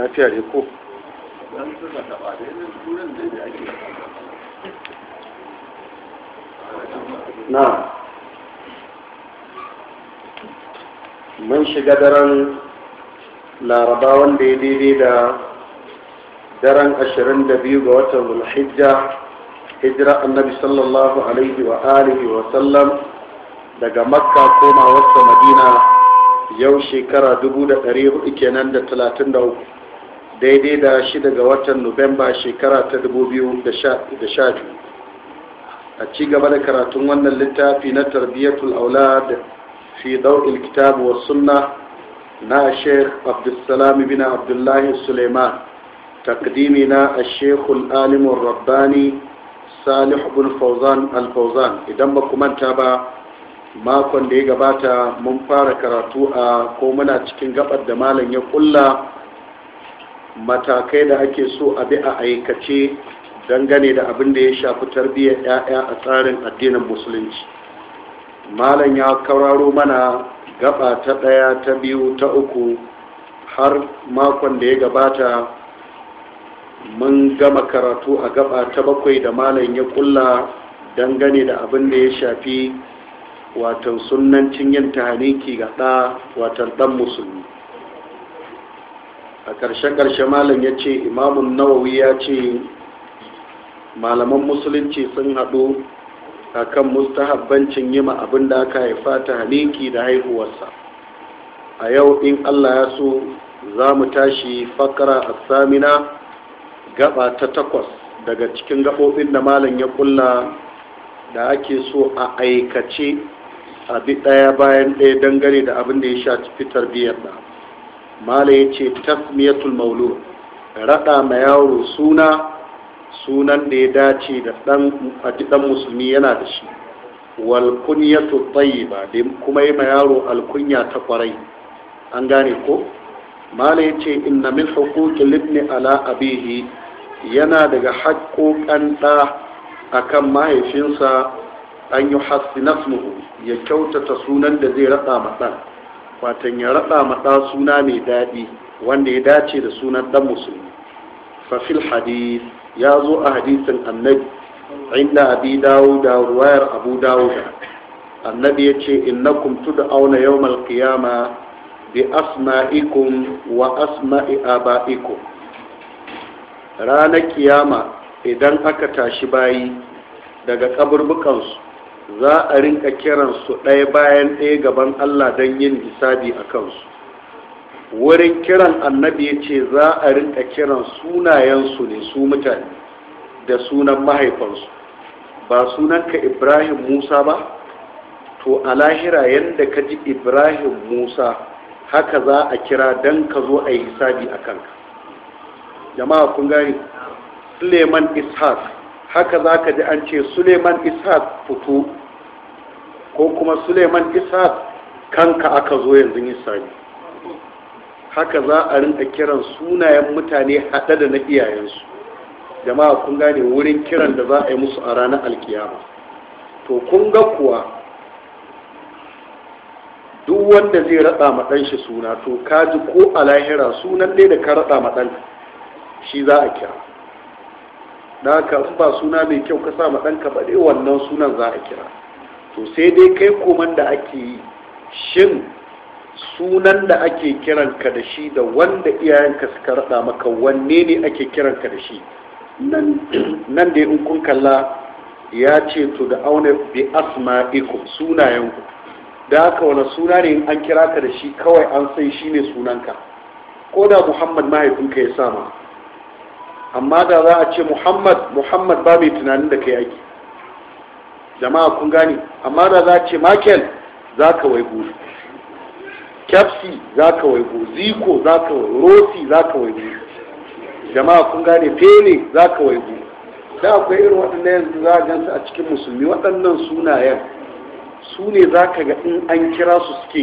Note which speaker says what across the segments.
Speaker 1: lafiya ne ko na mun shiga daren laraba wanda ya daidai da daren ashirin da biyu ga watan mulhijja hijira annabi sallallahu alaihi wa alihi wa sallam daga makka koma wasu madina yau shekara dubu da dari hudu kenan da talatin da uku daidai da shi daga watan nuwamba shekara ta 2012 a ci gaba da karatun wannan littafi na tarbiyyatul aulad fi dau'il kitab wa sunna na sheikh abdulsalam bin abdullahi suleiman takdimi na sheikhul alimun rabbani salih bin fauzan al idan ba manta ba makon da ya gabata mun fara karatu a ko muna cikin gabar da malam ya kulla matakai da ake so a bi a aikace dangane da abin da ya shafi tarbiyyar 'ya'ya a tsarin addinin musulunci malam ya kararo mana gaba ta ɗaya ta biyu ta uku har makon da ya gabata mun gama karatu a gaba ta bakwai da malam ya kulla dangane da abin da ya shafi watan sunancin yin tahaniki ga ɗa watan ɗan musulmi a ƙarshe-ƙarshe malam ya ce imamun nawawi ya ce malaman musulunci sun haɗu a kan mustahabbancin yima abin da aka haifa ta haliki da haihuwarsa a yau in allah ya so za mu tashi fakara a samina gaba ta takwas daga cikin gaɓoɓin da malam ya ƙulla da ake so a aikace abi ɗaya bayan ɗaya dangane da abin da ya sha fitar biyar da mala ya ce tasmiyatul maulud raɗa ma yaro suna sunan da ya dace da ɗan musulmi yana da shi wal kunyatu tayyiba da kuma yi ma yaro alkunya ta kwarai an gane ko mala ya ce inna min hukuki libni ala abihi yana daga haƙoƙan ɗa akan mahaifinsa an yi hassinasmuhu ya kyautata sunan da zai raɗa ma ɗan watan ya raɗa maɗa suna mai daɗi wanda ya dace da sunan ɗan musulmi fafil hadith ya zo a hadisin annabi inda abi dawo da ruwayar abu dawo da annabi ya ce da auna yau malkiyama bi asma'ikum wa asma'i aba'ikum ranar kiyama idan aka tashi bayi daga kaburbukansu za a rinka su ɗaya bayan ɗaya gaban Allah don yin hisabi a kansu wurin kiran annabi ya ce za a rinka kiran sunayensu ne su mutane da sunan mahaifansu ba sunanka ibrahim musa ba to a lahira yadda ka ji ibrahim musa haka za a kira don ka zo a yi hisabi a kanka jama'a kun gani suleiman ishaq haka za ka ji an ce suleiman ishaq fito ko kuma suleiman isa kanka aka zo yanzu sani. haka za a rinka kiran sunayen mutane haɗe da na iyayensu jama'a kun gane wurin kiran da za a yi musu a ranar alkiyama to kun ga kuwa duk wanda zai raɗa ma suna to kaji ko a lahira sunan ne da ka raɗa ma shi za a kira da haka ba suna mai kyau ka sa ma ɗanka ba dai wannan sunan za a kira to sai dai kai koman da ake yi shin sunan da ake kiranka da shi da wanda iyayenka suka raɗa maka wanne ne ake kiranka da shi nan da in kun kalla ya ce to da auna bi asma sunayen sunayenku da haka wani suna ne in an kira ka da shi kawai an san shi ne sunanka ko da muhammad mahaifinka ya sama amma da za a ce muhammad muhammad ba mai tunanin da kai ake jama'a kun gane amma da za ce makel za ka waigo kepsi za ka waigo ziko za ka waigo rossi za ka waigo jama'a kun gane fene za ka waigo da akwai irin waɗanda yanzu za a gansu a cikin musulmi waɗannan sunayen su ne za ka ga in an kira su suke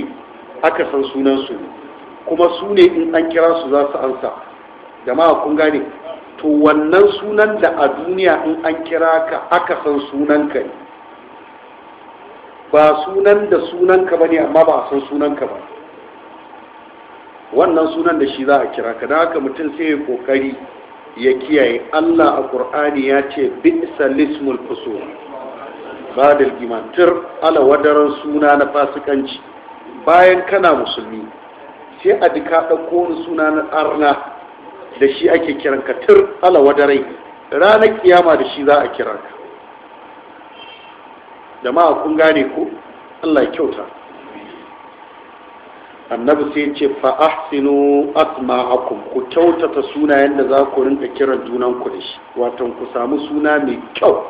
Speaker 1: aka san sunansu kuma su ne in an kira su za su ansa jama'a kun gane to wannan sunan da a duniya in an kira ka aka san sunan ka ne ba sunan da sunanka ba ne amma ba a san sunanka ba wannan sunan da shi za a kira ka da haka mutum sai ya kokari ya kiyaye allah a ƙur'ani ya ce bisa lismul fuso ba da gimantar alawadaran suna na fasikanci bayan kana musulmi sai a duka ɗauko suna na arna da shi ake kiranka tur alawadarai ranar kiyama da shi za a kira ka jama'a kun gane ku Allah ya kyauta annabi sai ya ce fa ahsinu asma'akum ku kyautata sunayen da za ku rinka kiran junan ku da shi wato ku samu suna mai kyau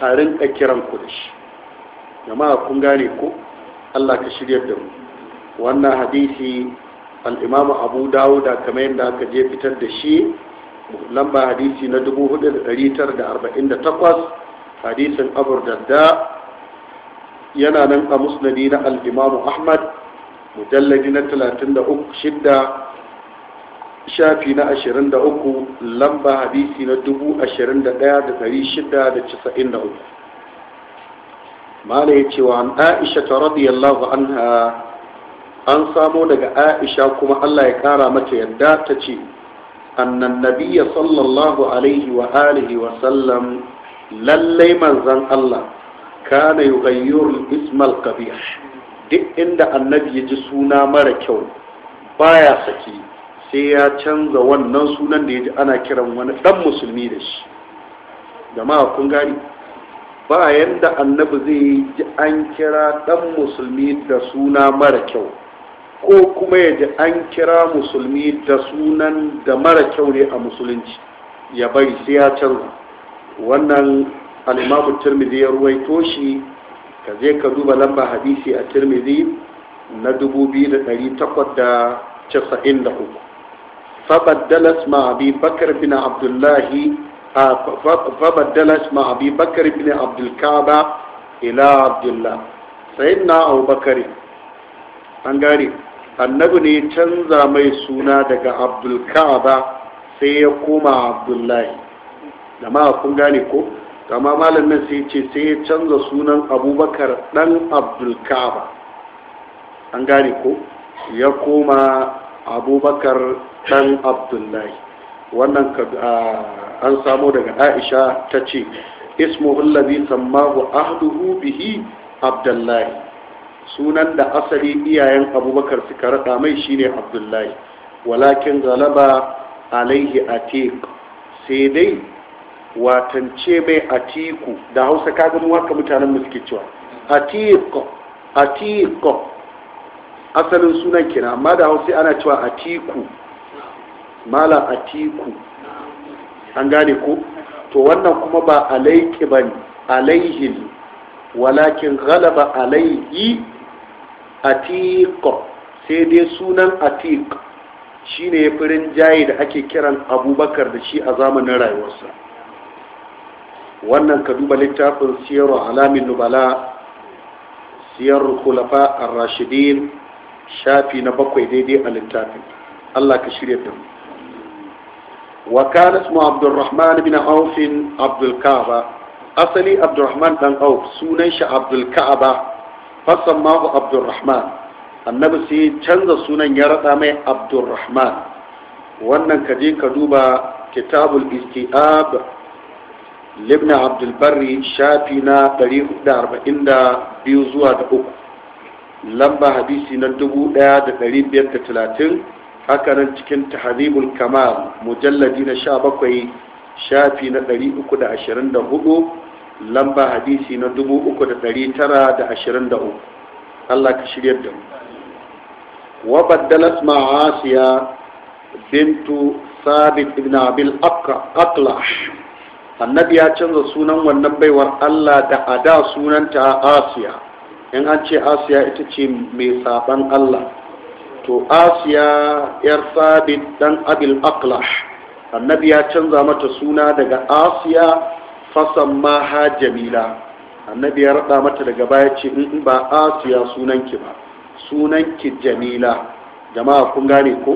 Speaker 1: a rinka kiran ku da shi jama'a kun gane ku Allah ka shiryar da mu wannan hadisi al-Imam Abu Dawud kamar yadda aka je fitar da shi lamba hadisi na 4948 hadisin Abu Darda yana nan a musnadi na al'imamu ahmad mujalladi na 36 shafi na 23 lamba hadisi na 21,693 mala ya cewa an aisha ta radiyallahu anha an samo daga aisha kuma allah ya kara mata yadda ta ce annan nabiya sallallahu alaihi wa alihi wa sallam lallai manzan allah kana yughayyirul ismal qabih duk inda annabi ya ji suna mara kyau baya saki sai ya canza wannan sunan da ya ji ana kiran wani dan musulmi da shi jama'a kun gani ba yanda annabi zai ji an kira dan musulmi da suna mara kyau ko kuma ya ji an kira musulmi da sunan da mara kyau ne a musulunci ya bari sai ya canza wannan al-imam tirmidhi ya ruwaito shi ka je ka duba lamba hadisi a tirmidhi na 2893 فبدل اسم ابي بكر بن عبد الله فبدل اسم ابي بكر بن عبد الكعبه الى عبد الله سيدنا ابو بكر an gane annabi ne canza mai suna daga abdulka'aba sai ya koma abdullahi jama'a kun gane ko kama malamin sai ce sai ya canza sunan abubakar dan abdulkaba an gane ko ya koma abubakar dan abdullahi wannan an samo daga aisha ta ce ismuhu samma sammahu ahduhu bihi abdullahi sunan da asali iyayen abubakar suka rada mai shine abdullahi walakin galaba alaihi atiq sai dai watance mai atiku da hausa kaga mu haka mutanen mu suke cewa atiku atiku asalin sunan kina amma da hausa ana cewa atiku mala atiku an gane ko to wannan kuma ba alaiki ba ne alaihi walakin galaba alaihi atiku sai dai sunan atiku shine ya firin jayi da ake kiran abubakar da shi a zamanin rayuwarsa wannan ka duba littafin siyarwa alamin nubala siyar kulafa a rashidin shafi na bakwai daidai a littafin Allah ka shirya da mu wa kana ismu abdurrahman bin abdul asali abdurrahman dan auf sunan shi abdulka'ba ka'ba fasammahu abdurrahman annabi sai canza sunan ya rada mai abdurrahman wannan ka je ka duba kitabul istiab libna abdulbarri shafi na 442 zuwa da uku lamba hadisi na 1530 hakanan cikin tahribul kamal mujalladi na 17 shafi na 324 lamba hadisi na 3923 Allah ka shiryar da mu wa baddalat ma'asiya bintu sabit ibn abil aqla annabi ya canza sunan wannan baiwar Allah da a da sunanta Asiya in an ce Asiya ita ce mai saban Allah to Asiya yar sabit dan Abil aqlash annabi ya canza mata suna daga Asiya fasan ha Jamila annabi ya rada mata daga baya ce in ba Asiya sunanki ba sunanki Jamila jama'a kun gane ko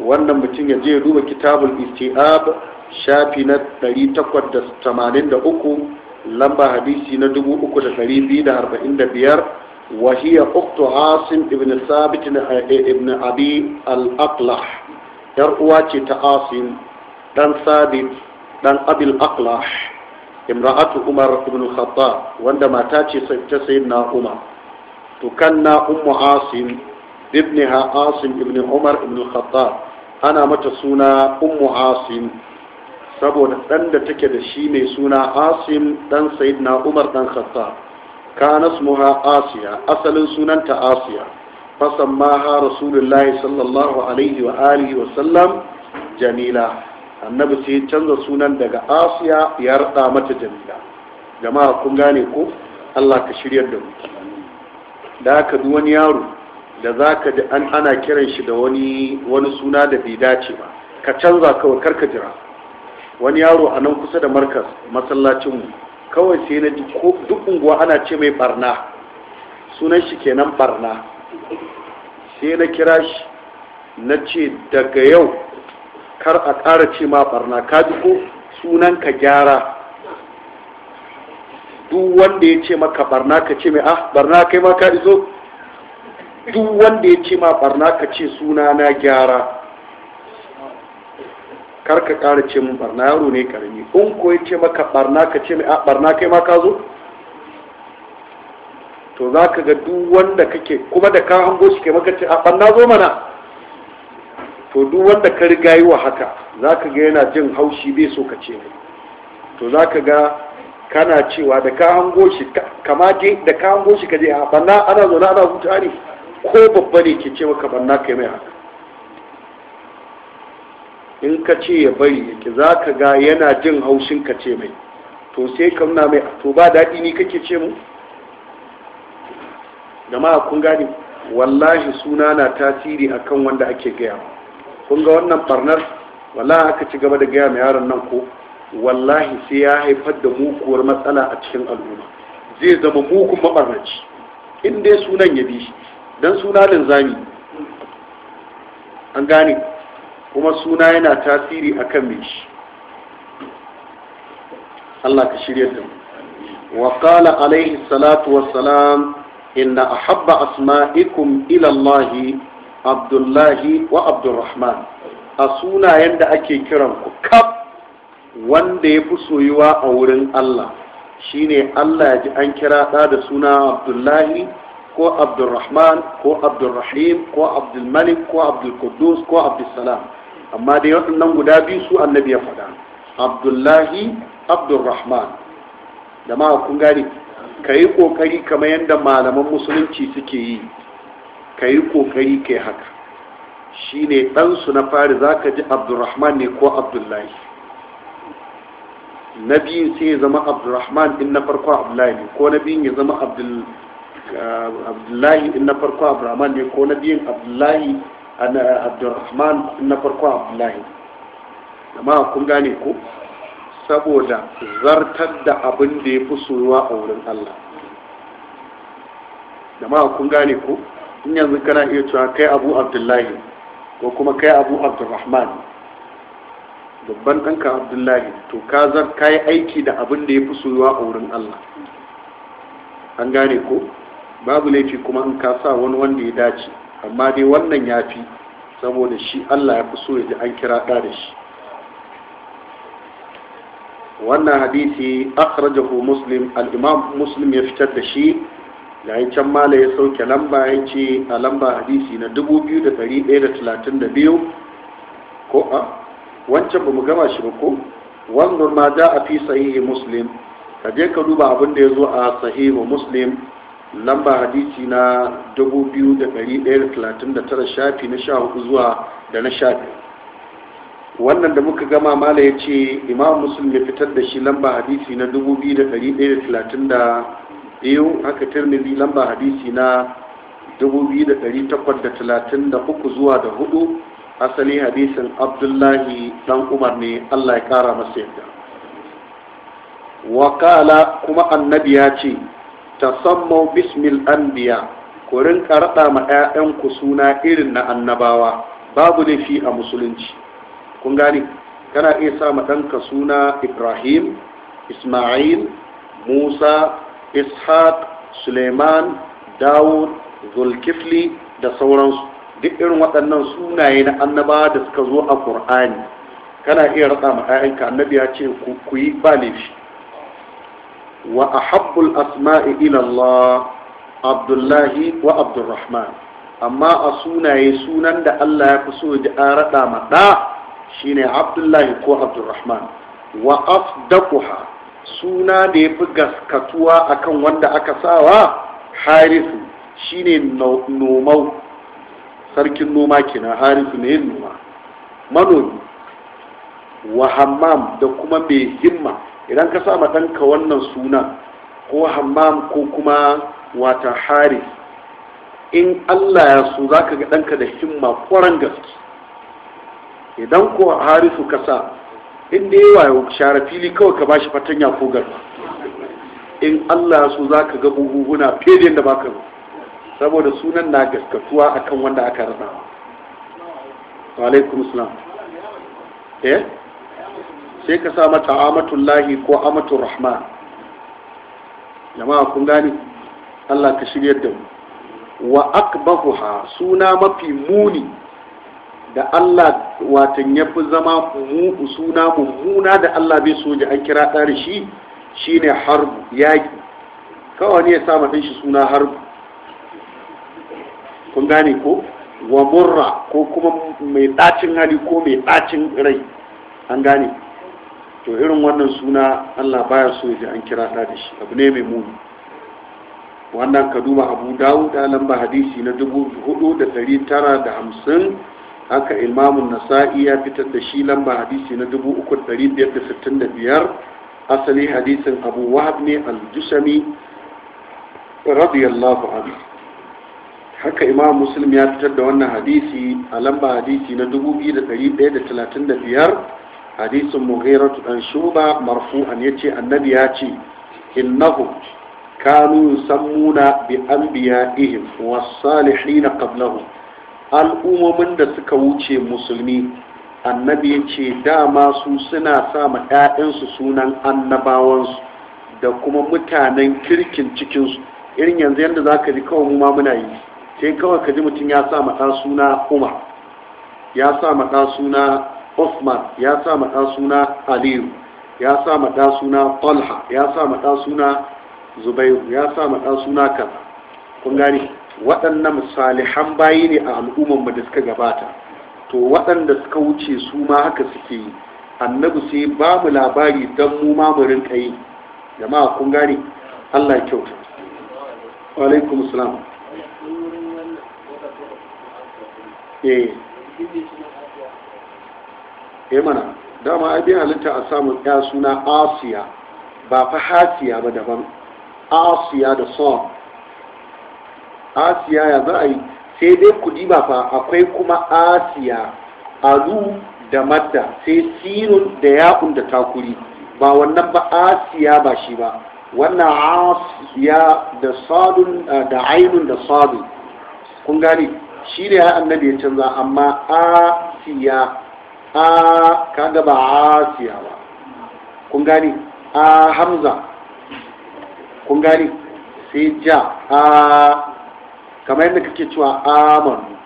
Speaker 1: wannan mutum ya je duba kitabul istiab shafi na 883 lamba hadisi na 3245 wa hiya uktu asim ibn sabit eh, eh, ibn abi al-aqla yar uwa ce ta asim dan sabit dan abi al-aqla umar ibn khatta wanda mata ce ta sayyidina umar to kanna ummu asim ibnha ibn umar ibn khatta ana mata suna Umu asim saboda ɗan da take da shi mai suna asim ɗan sayid na umar ɗan khatta kana smuha asiya asalin sunanta asiya fasammaha rasulullahi sallallahu alaihi wa alihi wa sallam jamila annabi sai canza sunan daga asiya ya rada mata jamila jama'a kun gane ko allah ka shiryar da mu da ka bi wani yaro da za ka ji an ana kiran shi da wani wani suna da bai dace ba ka canza kawai ka jira wani yaro a nan kusa da markas masallacinmu kawai sai na duk unguwa ana ce mai barna sunan shi kenan barna sai na kira shi na ce daga yau kar a ƙara ce ma barna ka ji ko sunan ka gyara duk wanda ya ce maka barna ka ce mai ah barna kai ma ka izo duk wanda ya ce ma barna ka ce suna na gyara kar ka ƙara ce mun barna yaro ne karami in ko ya ce maka barna ka ce mai a barna kai ma ka zo to za ka ga duk wanda kake kuma da ka hango shi kai maka ce a barna zo mana to duk wanda ka riga yi wa haka za ka ga yana jin haushi bai so ka ce mai to za ka ga kana cewa da ka hango shi kama je da ka hango shi ka je a barna ana zo na, ana hutu ne ko babba ne ke ce maka barna kai mai haka in ka ce ya bari yake za ka ga yana jin haushin ka ce mai to sai ka nuna mai to ba daɗi ni kake ce mu jama'a kun gane wallahi suna na tasiri akan wanda ake gaya kun ga wannan barnar wallahi aka ci gaba da gaya mai yaron nan ko wallahi sai ya haifar da mukuwar matsala a cikin al'umma zai zama mukun mabarnaci in dai sunan ya bi shi dan suna linzami an gane kuma suna yana tasiri a kan mai shi Allah ka shirya da mu wa kala alaihi salatu wassalam inna ahabba asma'ikum ilallahi Abdullahi wa Abdurrahman a sunayen da ake kiran ku kaf wanda ya fi soyuwa a wurin Allah shine Allah ya ji an kira ɗa da suna Abdullahi ko Abdurrahman ko Abdurrahim ko Abdulmalik ko Abdulkudus ko Abdulsalam amma dai waɗannan guda biyu su annabi ya faɗa abdullahi abdurrahman jama'a kun gane ka yi ƙoƙari kamar yadda malaman musulunci suke yi ka yi ƙoƙari kai haka shi ne ɗansu na fari za ka ji abdurrahman ne ko abdullahi na biyun sai ya zama abdurrahman ɗin na farko abdullahi ne ko na biyun ya zama eh, abdullahi ɗin na farko abdurrahman ne ko na biyun abdullahi abdurrahman na farko abdullahi amma kun gane ku saboda zartar da abin da ya fi soyuwa a wurin allah amma kun gane ku, in yanzu kana iya cewa kai abu abdullahi ko kuma kai abu abdurrahman babban ɗanka abdullahi to ka zar ka yi aiki da abin da ya fi soyuwa a wurin allah an gane ku babu laifi kuma in ka sa wani wanda ya dace amma dai wannan ya fi saboda shi allah ya fi so ya ji an kira ɗa da shi wannan hadisi akhrajahu muslim al muslim ya fitar da shi da can mala ya sauke lamba ya ce a lamba hadisi na 2132 ko a wancan ba mu gama shi ba ko wannan ma da a fi sahihi muslim ka je ka duba abin da ya zo a sahihi muslim lamba hadisi na 2139 shafi na 14 zuwa da na 15 wannan da muka gama mala ya ce imam muslim ya fitar da shi lamba hadisi na 2132 haka tirmidhi lamba hadisi na 2833 zuwa da 4 asali hadisin abdullahi dan umar ne allah ya kara masa yadda wakala kuma annabi ya ce tasammau bismil anbiya ku rinka raɗa ma 'ya'yanku suna irin na annabawa babu laifi a musulunci kun gani kana iya sa ma ɗanka suna ibrahim isma'il musa ishaq suleiman dawud zulkifli da sauransu duk irin waɗannan sunaye na annabawa da suka zo a ƙur'ani kana iya raɗa ma 'ya'yanka annabi ya ce ku yi ba laifi wa ahabbul asma'i ila Allah Abdullahi wa amma a sunaye sunan da Allah ya fi so ji araɗa maɗa shine Abdullahi ko Abdurrahman wa afdaquha suna da yafi gaskatuwa akan wanda aka sawa harisu shine nomau sarkin noma kenan harisu ne yin noma manomi wa hammam da kuma mai himma idan ka sa ɗanka wannan suna, ko hammam ko kuma wata haris in allah ya so za ka ga ɗanka da himma kwaran gaske idan ko harisu ka sa inda yawa ya shara fili kawai ka bashi fatanya ko garba in allah ya so za ka ga buhuhuna fiye da baka saboda sunan na gaskatuwa akan wanda aka rasa alaikum salam eh sai ka sa mata amatullahi ko amatur rahman jama'a kun gani Allah ka shirya da mu wa akbahuha suna mafi muni da Allah watan yafi zama suna mummuna da Allah bai soja an kira ɗari shi shine harbu yaƙi kawai ne ya sa mafi shi suna harbu kun gane ko wa murra ko kuma mai ɗacin hali ko mai ɗacin rai an gane to irin wannan suna allah baya so ya ji an kira da shi abu ne mai muni wannan ka duba abu dawud a lamba hadisi na 4950 haka imamun nasa'i ya fitar da shi lamba hadisi na 3565 asali hadisin abu wahab ne al-jusami radiyallahu anhu haka imam muslim ya fitar da wannan hadisi a lamba hadisi na 2135 hadisin mughiratu dan shuba marfu'an yace annabi ya ce innahu kanu yusammuna bi anbiya'ihim was-salihin qablahum al'ummomin da suka wuce musulmi annabi yace ce dama su suna sa ma 'ya'yansu sunan annabawansu da kuma mutanen kirkin cikinsu irin yanzu yadda za ka ji kawai mu ma muna yi sai kawai ka ji mutum ya sa ma suna umar ya sa ma suna Osman ya sa maɗa suna Aliyu ya sa maɗa suna Talha ya sa maɗa suna Zubairu ya sa maɗa suna kaza kun gani waɗannan salihan bayi ne a al'umman da suka gabata to waɗanda suka wuce su ma haka suke yi annabi sai ba mu labari don mu ma mu rinka yi jama'a kun gani Allah ya kyauta wa alaikum eh mana dama abin halitta a samun ya suna asiya ba fa hasiya ba daban asiya da son asiya ya za a yi sai dai kudi ba fa akwai kuma asiya alu da madda sai sinun da yaƙun da takuri ba wannan ba asiya ba shi ba wannan asiya da sadun eh, da ainun da sadun kun gani shi ne ya annabi ya canza amma asiya a kaga ba asiya ba kun gani a hamza kun gani sai ja a kamar yadda kake cewa amanu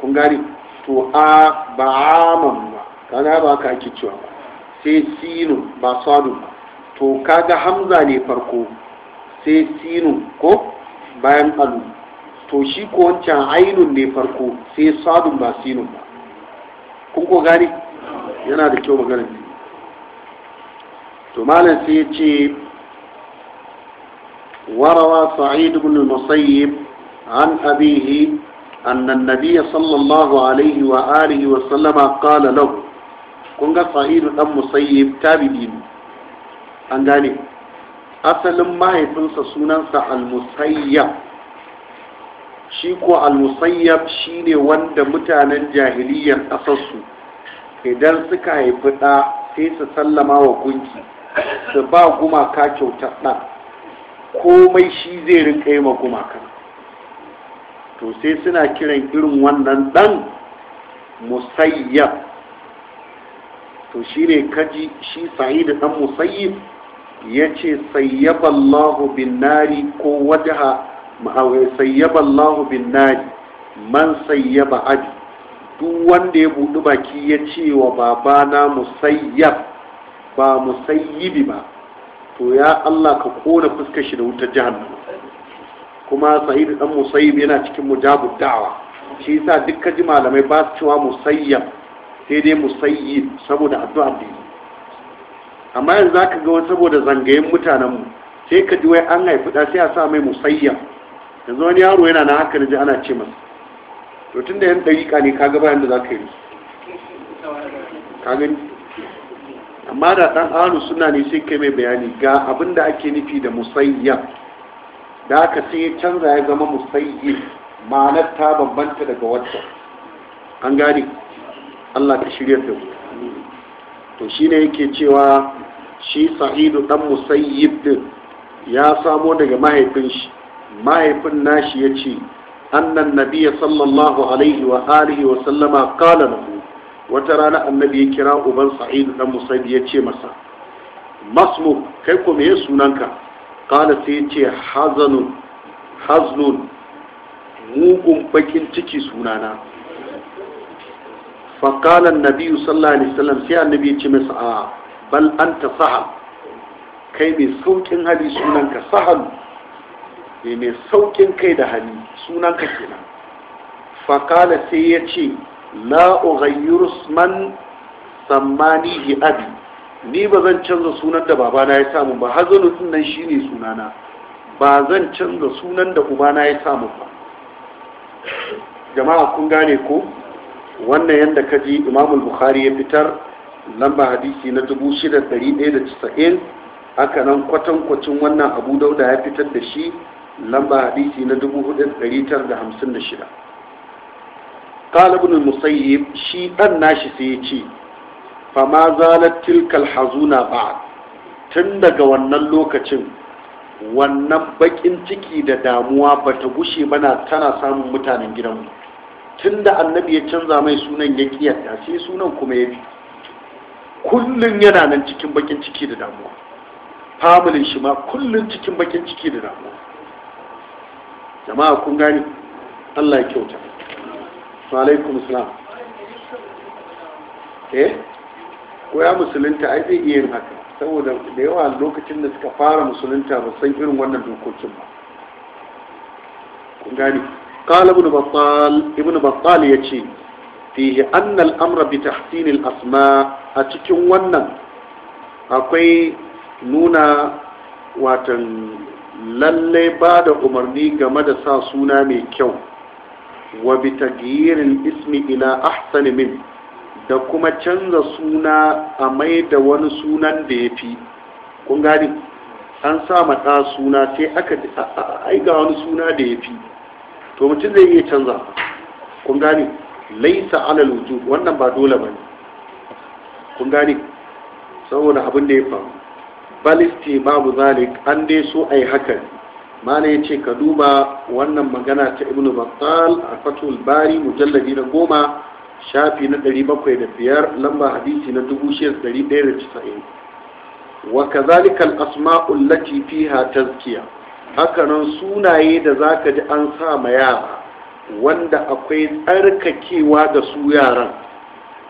Speaker 1: kun gani to a ba amanu ba kaga ba ka ake cewa ba sai sinu ba sadu ba to kaga hamza ne farko sai sinu ko bayan alu to shi ko wancan ainun ne farko sai sadu ba sinu ba kun ko gane yana da kyau magana to malam sai ya ce وروى سعيد بن المسيب عن أبيه أن النبي صلى الله عليه وآله وسلم قال له كنت سعيد بن المسيب تابدين أنجاني أسلم ما يتنسى سننسى المسيب shi ko al-musayyab shine wanda mutanen jahiliyyar ƙasarsu idan suka haifi ɗa sai su sallama wa gunki su ba gumaka kyautar ɗan komai shi zai rinka yi ma gumaka to sai suna kiran irin wannan ɗan musayyab to shi kaji shi sa'id ɗan dan ya ce sayyaballahu bin nari ko wajaha sayyaba Allahu bin nari man sayyaba abi duk wanda ya buɗi baki ya ce wa babana musayyab ba musayyibi ba to ya Allah ka kona fuskar shi da wutar jahannama kuma sa'id dan musayyib yana cikin mujabu da'wa shi yasa duk ji malamai ba su cewa musayyab sai dai musayyib saboda addu'a da amma yanzu zaka ga wani saboda zangayen mu sai ka ji wai an haifi da sai a sa mai musayyab yanzu wani yaro yana na haka naji ana ce masa to tun da yan ɗariƙa ne kaga bayan da za ka yi ka gani amma da ɗan aru suna ne sai kai mai bayani ga abin da ake nufi da musayya da aka sai ya canza ya zama musayyib ma'anar ta bambanta daga wata an gani allah ka shirya ta mu to shine yake cewa shi sa'idu ɗan musayyib din ya samo daga mahaifin shi mahaifin nashi ya ce annan nabiya sallallahu alaihi wa alihi wa sallama kala lahu wata rana annabi ya kira uban sa'idu dan musaib ya ce masa masmu kai ko me sunanka kala sai ya ce hazanun haznun mugun bakin ciki sunana فقال النبي صلى الله sai وسلم سي النبي يجي مسا بل انت سهل Kai بي سوكين hali sunanka. سهل ne mai saukin kai da hali sunan ka kenan fakala sai ya ce la ughayyir man sammanihi abi ni ba zan canza sunan da babana ya samu ba Har din nan shi ne sunana ba zan canza sunan da ubana ya samu ba jama'a kun gane ko wannan yadda ka ji imamul bukhari ya fitar lamba hadisi na 6190 haka nan kwatankwacin wannan abu dauda ya fitar da shi lamba hadisi na 4956 talibin musayyib shi dan nashi sai ya ce fama zalar tilkal hazuna ba tun daga wannan lokacin wannan bakin ciki da damuwa ba ta gushe na tana samun mutanen gidanmu tun da annabi ya canza mai sunan ya kiyata sai sunan kuma ya bi kullum yana nan cikin bakin ciki da damuwa famulin shi ma kullum cikin bakin ciki da damuwa jama'a kun gani Allah ya kyauta wa alaikum salam eh ko ya musulunta ai zai iya yin haka saboda da yawa lokacin da suka fara musulunta ba san irin wannan dokokin ba kun gani قال ابن بطال ابن بطال يتي فيه أن الأمر بتحسين الأسماء أتكون ونن أقوي نونا واتن lallai ba da umarni game da sa suna mai kyau wa bi tagiyirin ismi ila ahsani min da kuma canza suna a mai da wani sunan da ya fi kun gani an sa maɗa suna sai aka aiga wani suna da ya fi to mutum zai iya canza kun gani laisa alal wujub wannan ba dole ba kun gani saboda abin da ya faru balisti babu zalik an dai so a yi hakan mana ya ce ka duba wannan magana ta ibnu battal a fatul bari mujalladi na goma shafi na 705 lamba hadisi na 6190 wa kazalika al-asma'u allati fiha tazkiya hakanan sunaye da zaka ji an sa ma yara wanda akwai tsarkakewa da su yaran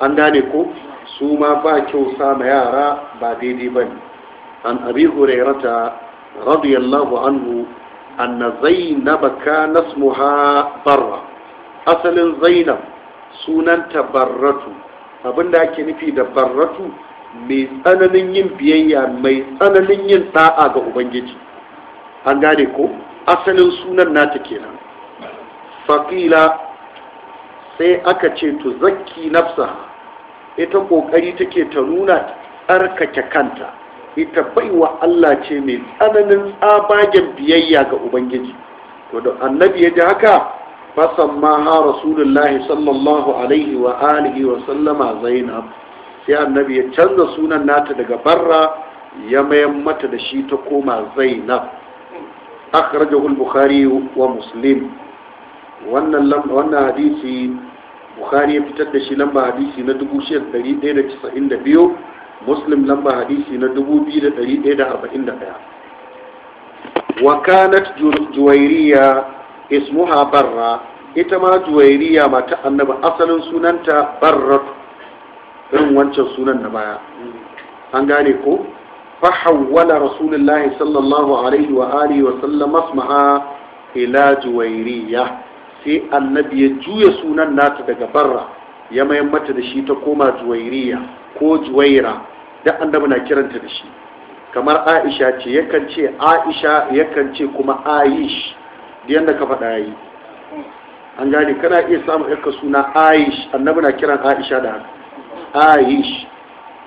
Speaker 1: an gane ko su ma ba kyau sa ma yara ba daidai bane عن أبي هريرة رضي الله عنه أن زينب كان اسمها برة أصل زينب سنن تبرة abin da ake nufi da barratu mai tsananin yin biyayya mai tsananin yin ta'a ga ubangiji an gane ko asalin sunan nata kenan faƙila sai aka ce to zakki nafsa ita ƙoƙari take ta nuna tsarkake kanta ita baiwa Allah ce mai tsananin tsabagen biyayya ga ubangiji to da annabi ya ji haka fasan ma ha rasulullahi sallallahu alaihi wa alihi wa sallama zainab sai annabi ya canza sunan nata daga barra ya mayan mata da shi ta koma zainab akhrajahu al-bukhari wa muslim wannan wannan hadisi bukhari ya fitar da shi lamba hadisi na 6192 muslim lamba hadisi na 2141 wa kanat juwairiya ismuha barra ita ma juwairiya mata annabi asalin sunanta barra irin wancan sunan na baya an gane ko fahawwala rasulullahi sallallahu alaihi wa alihi wa sallam asmaha ila juwairiya sai annabi ya juya sunan nata daga barra ya mayan mata da shi ta koma juwairiya ko juwaira da annabi na kiranta da shi kamar aisha ce yakan ce aisha yakan ce kuma aish da yadda ka faɗa yi an gane kana iya samun yarka suna aish annabi na kiran aisha da
Speaker 2: haka
Speaker 1: aish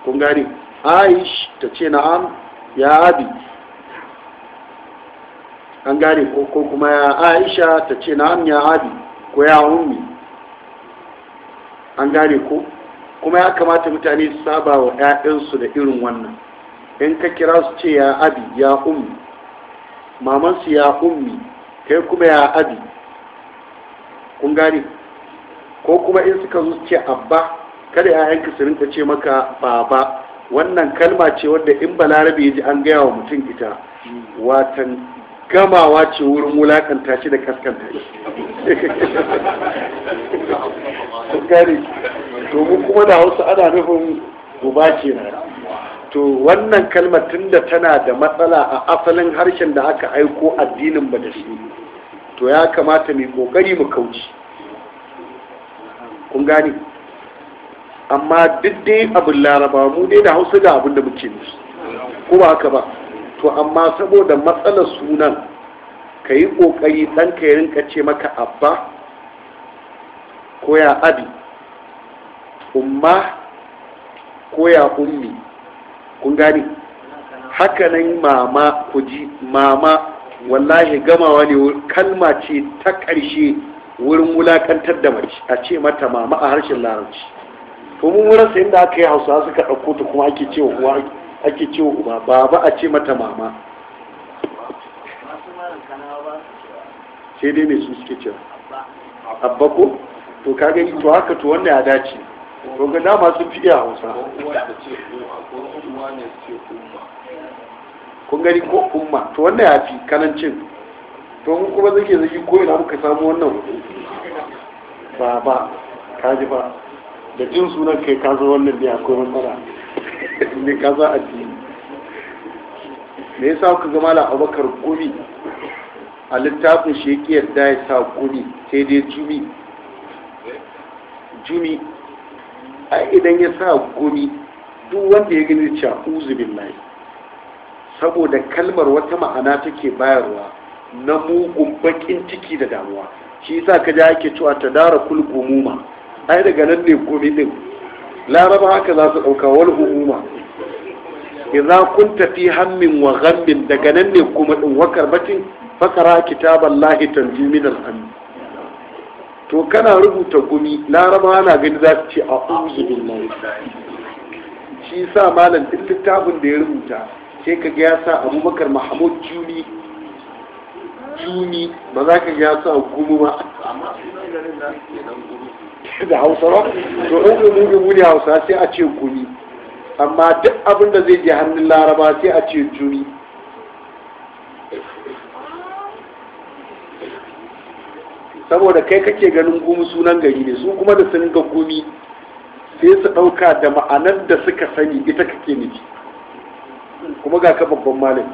Speaker 1: kun gane aish ta ce na'am ya abi an gane ko kuma ya aisha ta ce na'am ya abi ko ya ummi an gane ko kuma ya kamata mutane su saba wa 'ya'yansu da irin wannan in ka kira su ce ya abi ya ummi mamansu ya ummi kai kuma ya abi kun gani ko kuma in suka zo ce abba kada 'ya'yanka su rinka ce maka baba wannan kalma ce wadda in balarabe ya ji an gaya wa mutum ita watan gamawa ce wurin wulakanta shi da kaskanta shi gari mu kuma da hausa ana nufin guba ce to wannan kalmar tun da tana da matsala a asalin harshen da aka aiko addinin ba da shi to ya kamata mai kokari mu kauci kun gani amma duk dai abin laraba mu dai da hausa da abin da muke nufi. ko ba haka ba to amma saboda matsalar sunan ka yi ƙoƙari ɗanka ya yi ce maka abba ko ya abi umma ko ya ummi kun gani hakanan mama ku ji mama wallahi gamawa ne kalma ce ta ƙarshe wurin wulakantar da mace a ce mata mama a harshen larabci to mun wurin sayin da aka yi hausa suka ɗauko ta kuma ake cewa uwa ake cewa uba baba a ce mata mama sai dai mai su suke cewa abba ko to kaga yi to haka to wannan ya dace to ga dama sun fi iya hausa kun gani ko umma to wannan ya fi kanancin to mun kuma zake zaki ko ina muka samu wannan baba ji ba da jin sunan kai ka zo wannan biya ko matsala ne ka za a dini me yasa ku zama la abakar gumi a littafin shi yake yadda ya sa gumi sai dai jumi jumi a idan ya sa gumi duk wanda ya gani cewa uzu billahi saboda kalmar wata ma'ana take bayarwa na mugun bakin ciki da damuwa shi sa ka ji ake cewa ta dara kul gumuma ai daga nan ne gumi din laraba haka za su ɗauka wal umuma Iza kun tafi hammin wa ghammin daga nan ne kuma ɗin wakar batin fakara kitaballahi tanjimin al-hammi to kana rubuta gumi laraba ana gani za su ce a uzu billahi shi sa malam duk littafin da ya rubuta sai ka ga ya sa abubakar mahmud juni juni ba za ka ga ya sa gumi ba
Speaker 2: da hausa ba to in zo mun gudu
Speaker 1: hausa sai a ce kuni amma duk abin da zai je hannun laraba sai a ce juni saboda kai kake ganin gumi sunan gari ne su kuma da sun ga gumi sai su ɗauka da ma'anar da suka sani ita kake nufi kuma ga ka babban malam,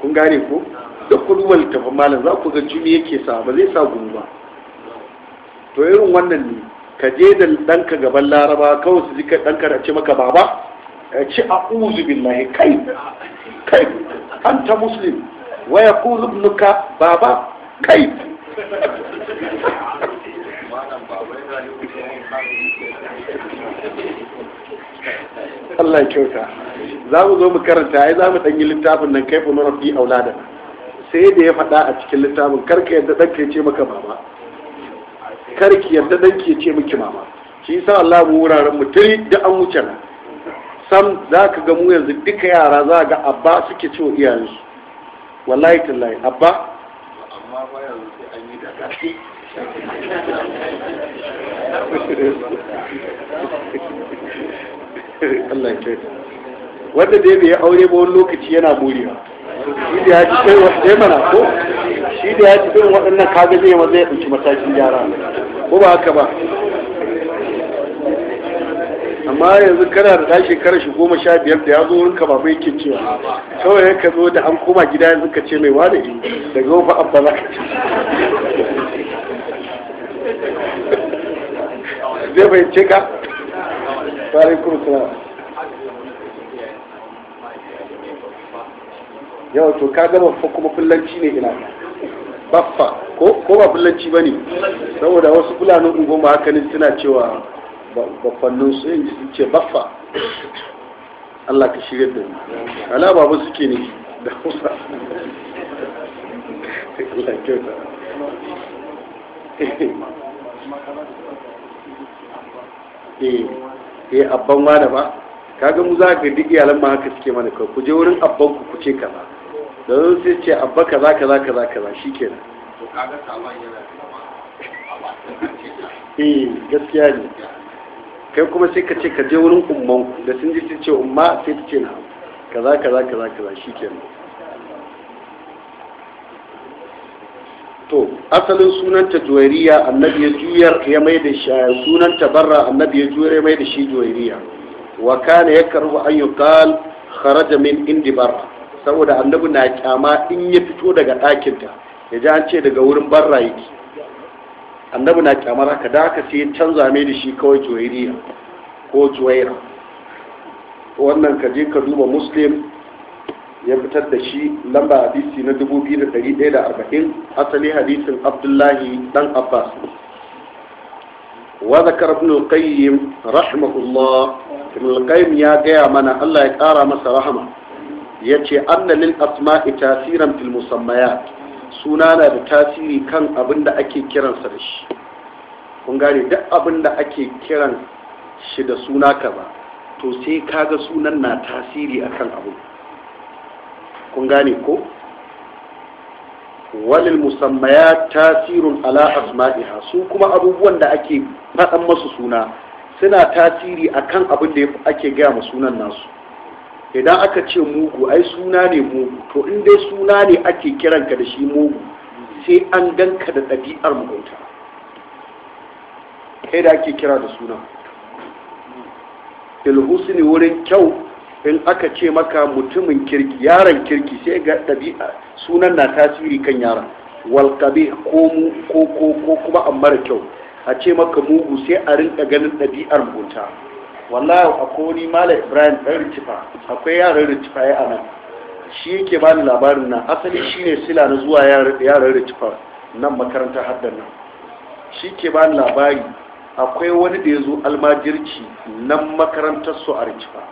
Speaker 1: kun gane ko da kudu littafin malam za ku ga jumi yake sa ba zai sa gumi ba to irin wannan ne ka je da ɗanka gaban laraba kawai su ji ka ɗanka da ce maka baba ci a uzu lahi kai kai an ta muslim waya kulu nuka baba kai
Speaker 2: Allah ya kyauta
Speaker 1: za mu zo mu karanta ai za mu ɗanyi littafin nan kai fi nuna fi aulada sai da ya faɗa a cikin littafin karka yadda ɗanka ya ce maka baba kar ki yarda dan ki ce miki mama shi yasa Allah mu wuraren mu tiri da an wuce na sam zaka ga mu yanzu duka yara za ga abba suke iyayen iyayensu wallahi tallahi abba amma
Speaker 2: ba yanzu sai an yi daga
Speaker 1: Allah ya wanda da bai aure ba wani lokaci yana burewa
Speaker 2: shi da ya ci kai wasu eh, mana ko shi da ya ci kai waɗannan kaga zai ma zai ɗauki matakin gyara ko ba haka ba
Speaker 1: amma yanzu kana da tashi kara shi goma sha biyar da ya zo wurin ka babu yake cewa kawai ka zo da an koma gida yanzu ka ce mai wani daga wofa abba za ka ci
Speaker 2: zai bai ce ka tsarin kuma
Speaker 1: yawa to ka gama fa kuma fullanci ne ina baffa ko ba fullanci ba ne saboda wasu fulanin ungon ba haka suna cewa bafannin su yin jisun ce baffa Allah ka shirya da ni ala babu suke ne da
Speaker 2: kusa Allah eh eh
Speaker 1: abban ma da ba kaga mu za ka duk iyalan ma haka suke mana kai ku je wurin abban ku ku ce kaza da zai sai ce abba kaza kaza kaza kaza shikenan
Speaker 2: to kaga saman yana
Speaker 1: eh gaskiya ne kai kuma sai ka ce ka je wurin umman da sun ji sai ce umma sai ta ce na kaza kaza kaza kaza shikenan to asalin sunanta juwairiya annabi ya juyar ya mai da shi eh, sunanta barra annabi ya juyar ya mai da shi juwairiya wa kana yakrahu an yuqal kharaja min indi barra saboda annabi na kyama in ya fito daga ɗakinta ya ji an ce daga wurin barra yake annabi na kyamar haka da haka sai canza mai da shi kawai juwairiya ko juwaira wannan ka je ka duba muslim ya fitar da shi lamba hadisi na 2140 asali hadisin abdullahi dan abbas al-qayyim rahimahullah ibn al-qayyim ya gaya mana Allah ya kara masa rahama ya ce anna lil asma'i tasiran fil musammayat suna na da tasiri kan abin da ake kiransa da shi kun gane duk abin da ake kiran shi da suna ba, to sai kaga sunan na tasiri akan abu kun gane ko walil musammaya tasirun ala asma'iha su kuma abubuwan da ake faɗan masu suna suna tasiri akan abin da ake gaya ma sunan nasu idan aka ce mugu ai suna ne mugu to in dai suna ne ake kiranka da shi mugu sai an ganka da ɗabi'ar mugunta kai da ake kira da suna ilhusu ne wurin kyau in aka ce maka mutumin kirki yaron kirki sai ga ɗabi'a sunan na tasiri kan yaron walƙabe ko mu, ko ko kuma an mara kyau a ce maka mugu sai a rinka ganin ɗabi'ar mugunta wallahi akwai wani malam ibrahim ɗan ritifa. akwai yaran ricifa ya nan. shi yake ba ni labarin nan asali shine sila na zuwa yaran ricifa nan makarantar haddan nan shi ke ba ni labari akwai wani da ya zo almajirci nan makarantar su a ricifa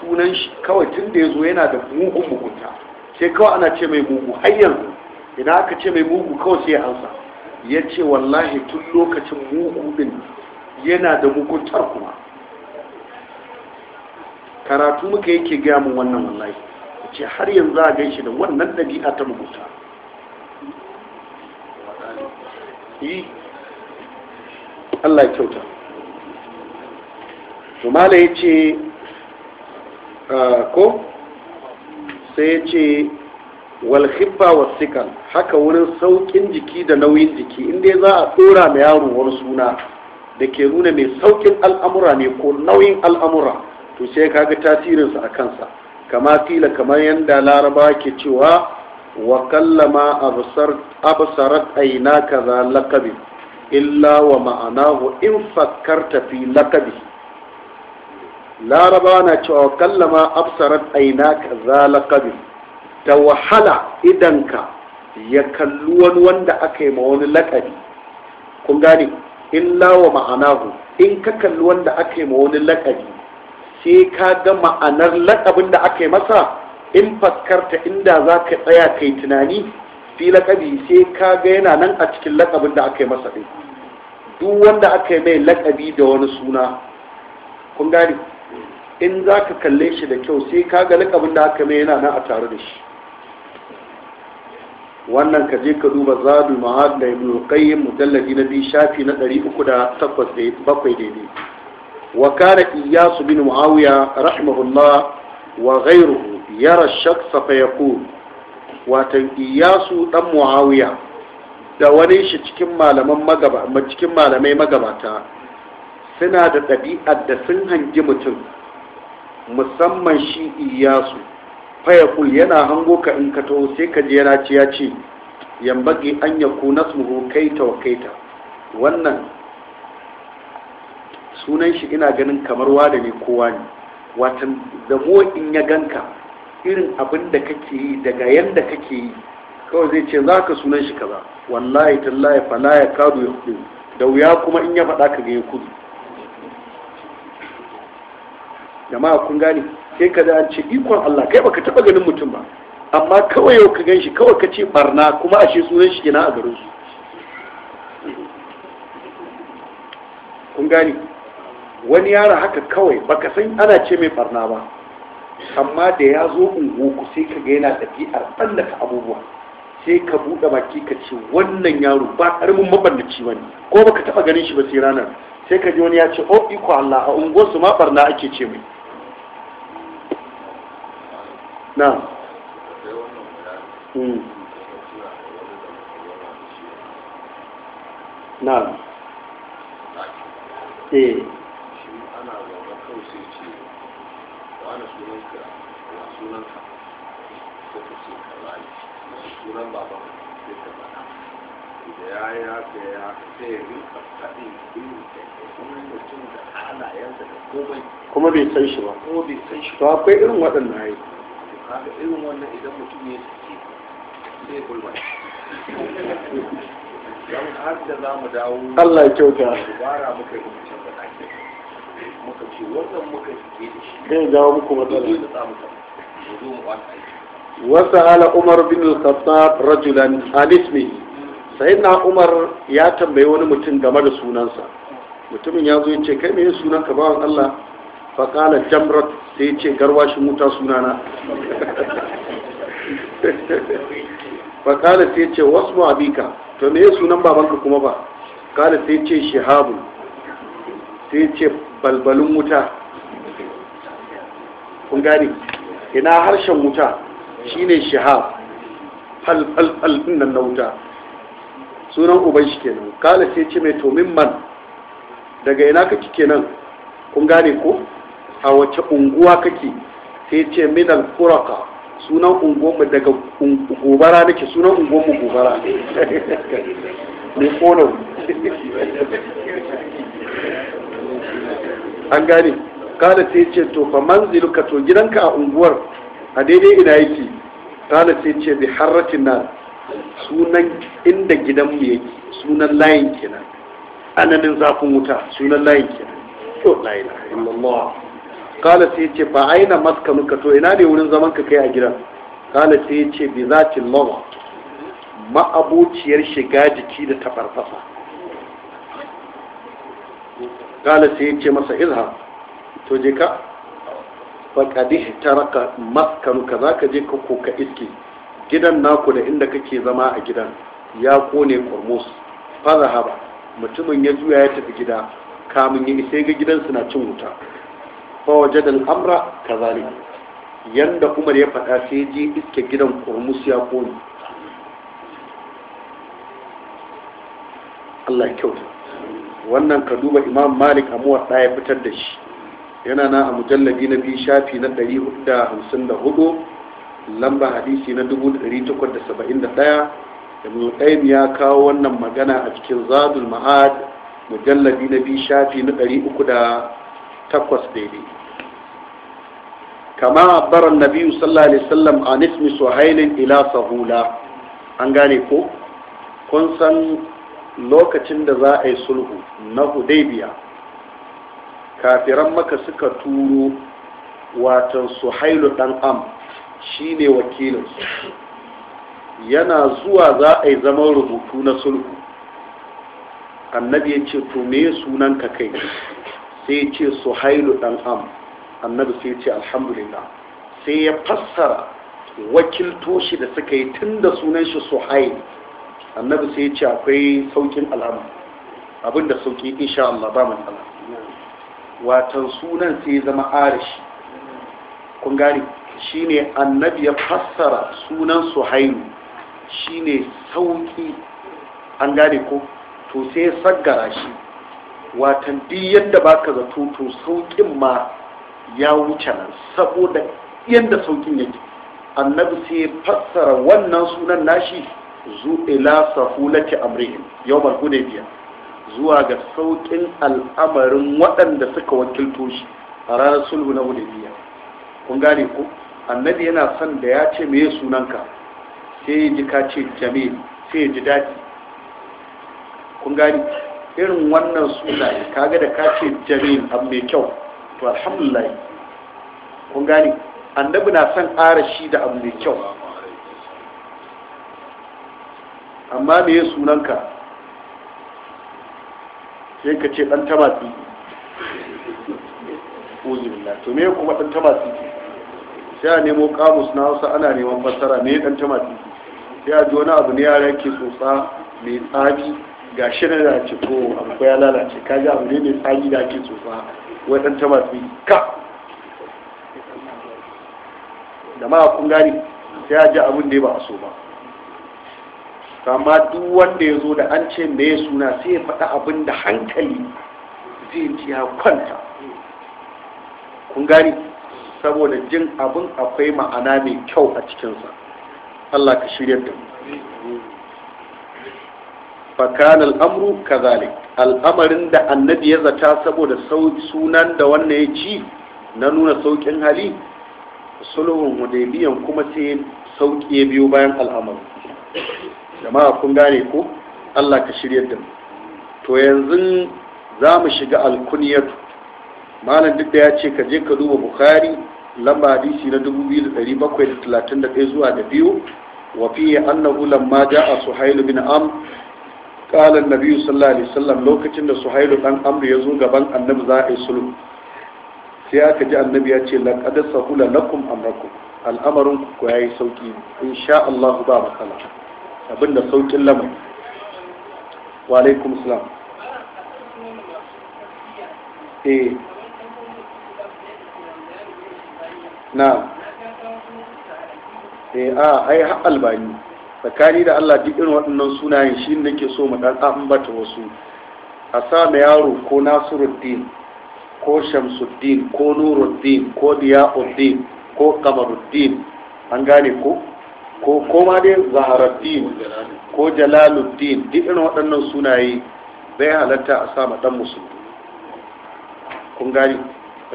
Speaker 1: sunan shi kawai tun da ya zo yana da buhu mugunta sai kawai ana ce mai mugu har yanzu idan aka ce mai mugu kawai sai ya hansa ya ce wallahi tun lokacin mugu din yana da muguntar kuma karatu muka yake gaya mun wannan wallahi ce har yanzu a gaishe da wannan ɗabi'a ta rubuta Allah ya kyauta to mala ya ce ah, ko sai ya ce walhibba wa haka wurin saukin jiki da nauyin jiki inda za a tsora mai yaro wani suna da ke nuna mai saukin al'amura ne ko nauyin al'amura to sai kaga tasirinsa a kansa kama kila kamar yadda laraba ke cewa wa kallama absarat aina kaza lakabi illa wa ma'anahu in fakkarta fi lakabi laraba na cewa kallama absarat aina kaza lakabi ta wahala idanka ya kalli wani wanda aka yi ma wani lakabi kun gane illa wa ma'anahu in ka kalli wanda aka yi ma wani lakabi sai ka ga ma'anar laƙabin da aka yi masa in faskarta inda za ka tsaya kai tunani fi laƙabi sai ka ga yana nan a cikin laƙabin da aka yi masa ɗin duk wanda aka yi mai laƙabi da wani suna kun gani in za ka kalle shi da kyau sai ka ga laƙabin da aka mai yana nan a tare da shi wannan ka je ka duba zabi ma'ad da ibn qayyim mujalladi na biyu shafi na bakwai daidai wa kana iyasu bin muawiya rahimahullah wa ghayruhu yara shakhsa fa yaqul watan iyasu ɗan muawiya da wani shi cikin malaman magaba cikin malamai magabata suna da ɗabi'ar da sun hangi mutum musamman shi iyasu fayakul yana hango ka in ka taho sai ka je yana ce ya ce yambagi an ya kuna kai kaita wannan sunan shi ina ganin kamar wada ne kowa ne watan da in ya ganka irin abin da kake yi daga yanda kake yi kawai zai ce za ka sunan shi kaza wallahi tallahi fala ya kadu ya kudu da wuya kuma in ya faɗa ka ga ya kudu jama'a kun gane sai ka an ce ikon Allah kai baka taba ganin mutum ba amma kawai yau ka gan shi kawai ka ce barna kuma ashe sunan shi kenan a garin su kun gane wani yara haka kawai baka san ana ce mai barna ba amma da ya zo unguwarku sai ka ga yana ɗabi'ar tsallaka abubuwa sai ka buɗe baki ka ce wannan yaro ba ƙaramin mabannaci ba ne ko baka taɓa ganin shi ba sai ranar sai ka ji wani ya ce o oh, iko Allah a unguwarsu ma barna ake ce mai na hmm. na eh
Speaker 2: ana sunan ka wa sunan ka sai ka ce ka zai sunan baban sai ka faɗa da ya yi haka ya haka sai ya rinka faɗin irin sunan mutum da halayensa da komai kuma bai san shi ba kuma bai san shi ba akwai irin waɗannan ya yi kaga irin wannan idan mutum ya sake sai gulma don
Speaker 1: har da za mu dawo Allah ya kyauta dubara muka yi mutum da ɗaki muka ce wannan muka cike da shi zai jawo muku matsala وسأل wani mutum game da sunansa mutumin ya zo ya ce kai meye sunan ka bawan Allah fa qala jamrat sai ya ce garwashi muta sunana fa qala sai ya ce wasmu abika to meye sunan babanka kuma ba qala sai ya ce shihabu sai ya ce. balbalin wuta kun gane ina harshen wuta shine shihab falfalfal nan na wuta sunan uban shi kenan kala sai ce mai tomin man daga ina kake kenan kun gane ko a wace unguwa kake sai ce min alfuraka sunan unguwanmu daga gobara nake sunan unguwanmu gobara ne kona an gane kala sai ce to fa manziluka to gidanka a unguwar a daidai ina yake kala sai ce bi harratin nan sunan inda gidanmu yake sunan layin kenan ananin zafin wuta sunan layin kenan to la ilaha illallah kala sai ce ba aina ka to ina ne wurin zaman ka kai a gidan kala sai ce bi zatin lawa ma'abociyar shiga jiki da tafarfasa kala sai ya ce masa izha to je ka faƙadi taraka ka za ka je ka koka iski gidan naku da inda kake zama a gidan ya kone kurmus fara haba mutumin ya juya ya tafi gida kamun yi sai ga gidansu na cin wuta fa waje da al'amra ka yanda umar ya faɗa sai je iske gidan kurmus ya kone Allah kyauta wannan ka duba imam malik a ɗaya ya fitar da shi yana na a mujallabi na biyu shafi na 454 lamba hadisi na 1871 da qayyim ya kawo wannan magana a cikin zadul ma'ad mujallabi na biyu shafi na 308 daidai kama abbar annabi sallallahu alaihi wasallam an ismi suhail ila sahula an gane ko kun san lokacin da za a yi sulhu na hudaybiya kafiran maka suka turo watan suhailu dan am shine wakilinsu yana zuwa za a yi zaman rubutu na sulhu annabi ya ce to me sunan ka kai sai ce suhailu dan am annabi sai ya ce alhamdulillah sai ya fassara wakiltoshi da suka yi tun sunan shi suhailu annabi sai ya ce akwai saukin alama abinda sauki insha Allah ba matsala watan sunan sai ya zama arish kun gane shine annabi ya fassara sunan suhailu shine sauki an gane ko to sai ya saggara shi watan duk yadda baka zato to saukin ma ya wuce nan saboda yadda saukin yake annabi sai ya fassara wannan sunan nashi zu ila safulati amrihim yawmal hudaybiya zuwa ga saukin al'amarin waɗanda suka wakilto shi a ranar sulhu na hudaybiya kun gane ko annabi yana son da ya ce meye sunanka sai ya ji ka ce jamil sai ya ji daɗi kun gane irin wannan sunaye kaga da ka ce jamil abu mai kyau to alhamdulillah kun gane annabi na son ƙara shi da abu mai kyau amma me ya sunanka sai ka ce ɗan tabatsi uzurla to me kuma ɗan tabatsi sai a nemo kamus na hausa ana neman fassara me ɗan tabatsi sai a ji wani abu ne yara ke tsotsa mai tsami ga shi na da ce ko abu ya lalace kaji abu ne mai tsami da ake tsotsa wai ɗan tabatsi ka da ma kun gani sai a ji abin da ya ba a so ba to amma duk wanda ya zo da an ce me suna sai ya faɗa abin da hankali zai ji ya kwanta kun gani saboda jin abin akwai ma'ana mai kyau a cikinsa Allah ka shirya da fakan al'amru kazalik al'amarin da annabi ya zata saboda sunan da wannan ya ci na nuna saukin hali sulhun hudaybiyan kuma sai sauki biyo bayan al'amarin jama'a kun gane ko Allah ka shirya da mu to yanzu za mu shiga alkuniyatu malam duk da ya ce ka je ka duba bukhari lamba hadisi na 2731 zuwa da biyu wa fiye annahu lamma ja'a suhailu bin am qala an-nabi sallallahu alaihi wasallam lokacin da suhailu dan amru ya zo gaban annabi za a yi sulhu sai aka ji annabi ya ce laqad sahula lakum amrakum al'amarin ku yayi sauki insha Allah ba matsala abin da saukin lamar wa alaikum salam E eh. na E eh, a ai haɗa albani tsakani da Allah duk irin waɗannan sunayen shi ke so mu ɗan ambata wasu a sa mai yaro ko Nasiruddin ko Shamsuddin ko Nuruddin ko Diyauddin ko Kamaruddin an gane ko ko koma dai zaharaddin ko jalaluddin duk irin waɗannan sunaye bai halatta a sa ma ɗan musulmi kun gani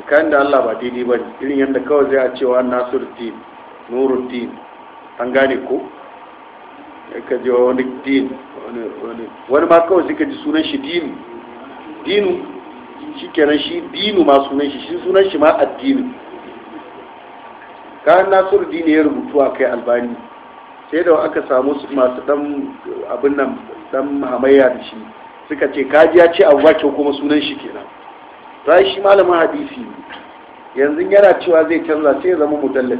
Speaker 1: kayan da Allah ba daidai ba irin yadda kawai zai a cewa nasiruddin nuruddin an gane ko ka je wani din wani ma kawai suka ji sunan shi dinu dinu shi kenan shi dinu ma sunan shi shi sunan shi ma addini kayan nasiruddin ya rubutu a kai albani sai da aka samu masu dan abin nan dan hamayya da shi suka ce kaji ya ce abubakar kuma sunan shi kenan ta shi malamin hadisi yanzu yana cewa zai canza sai ya zama mudallis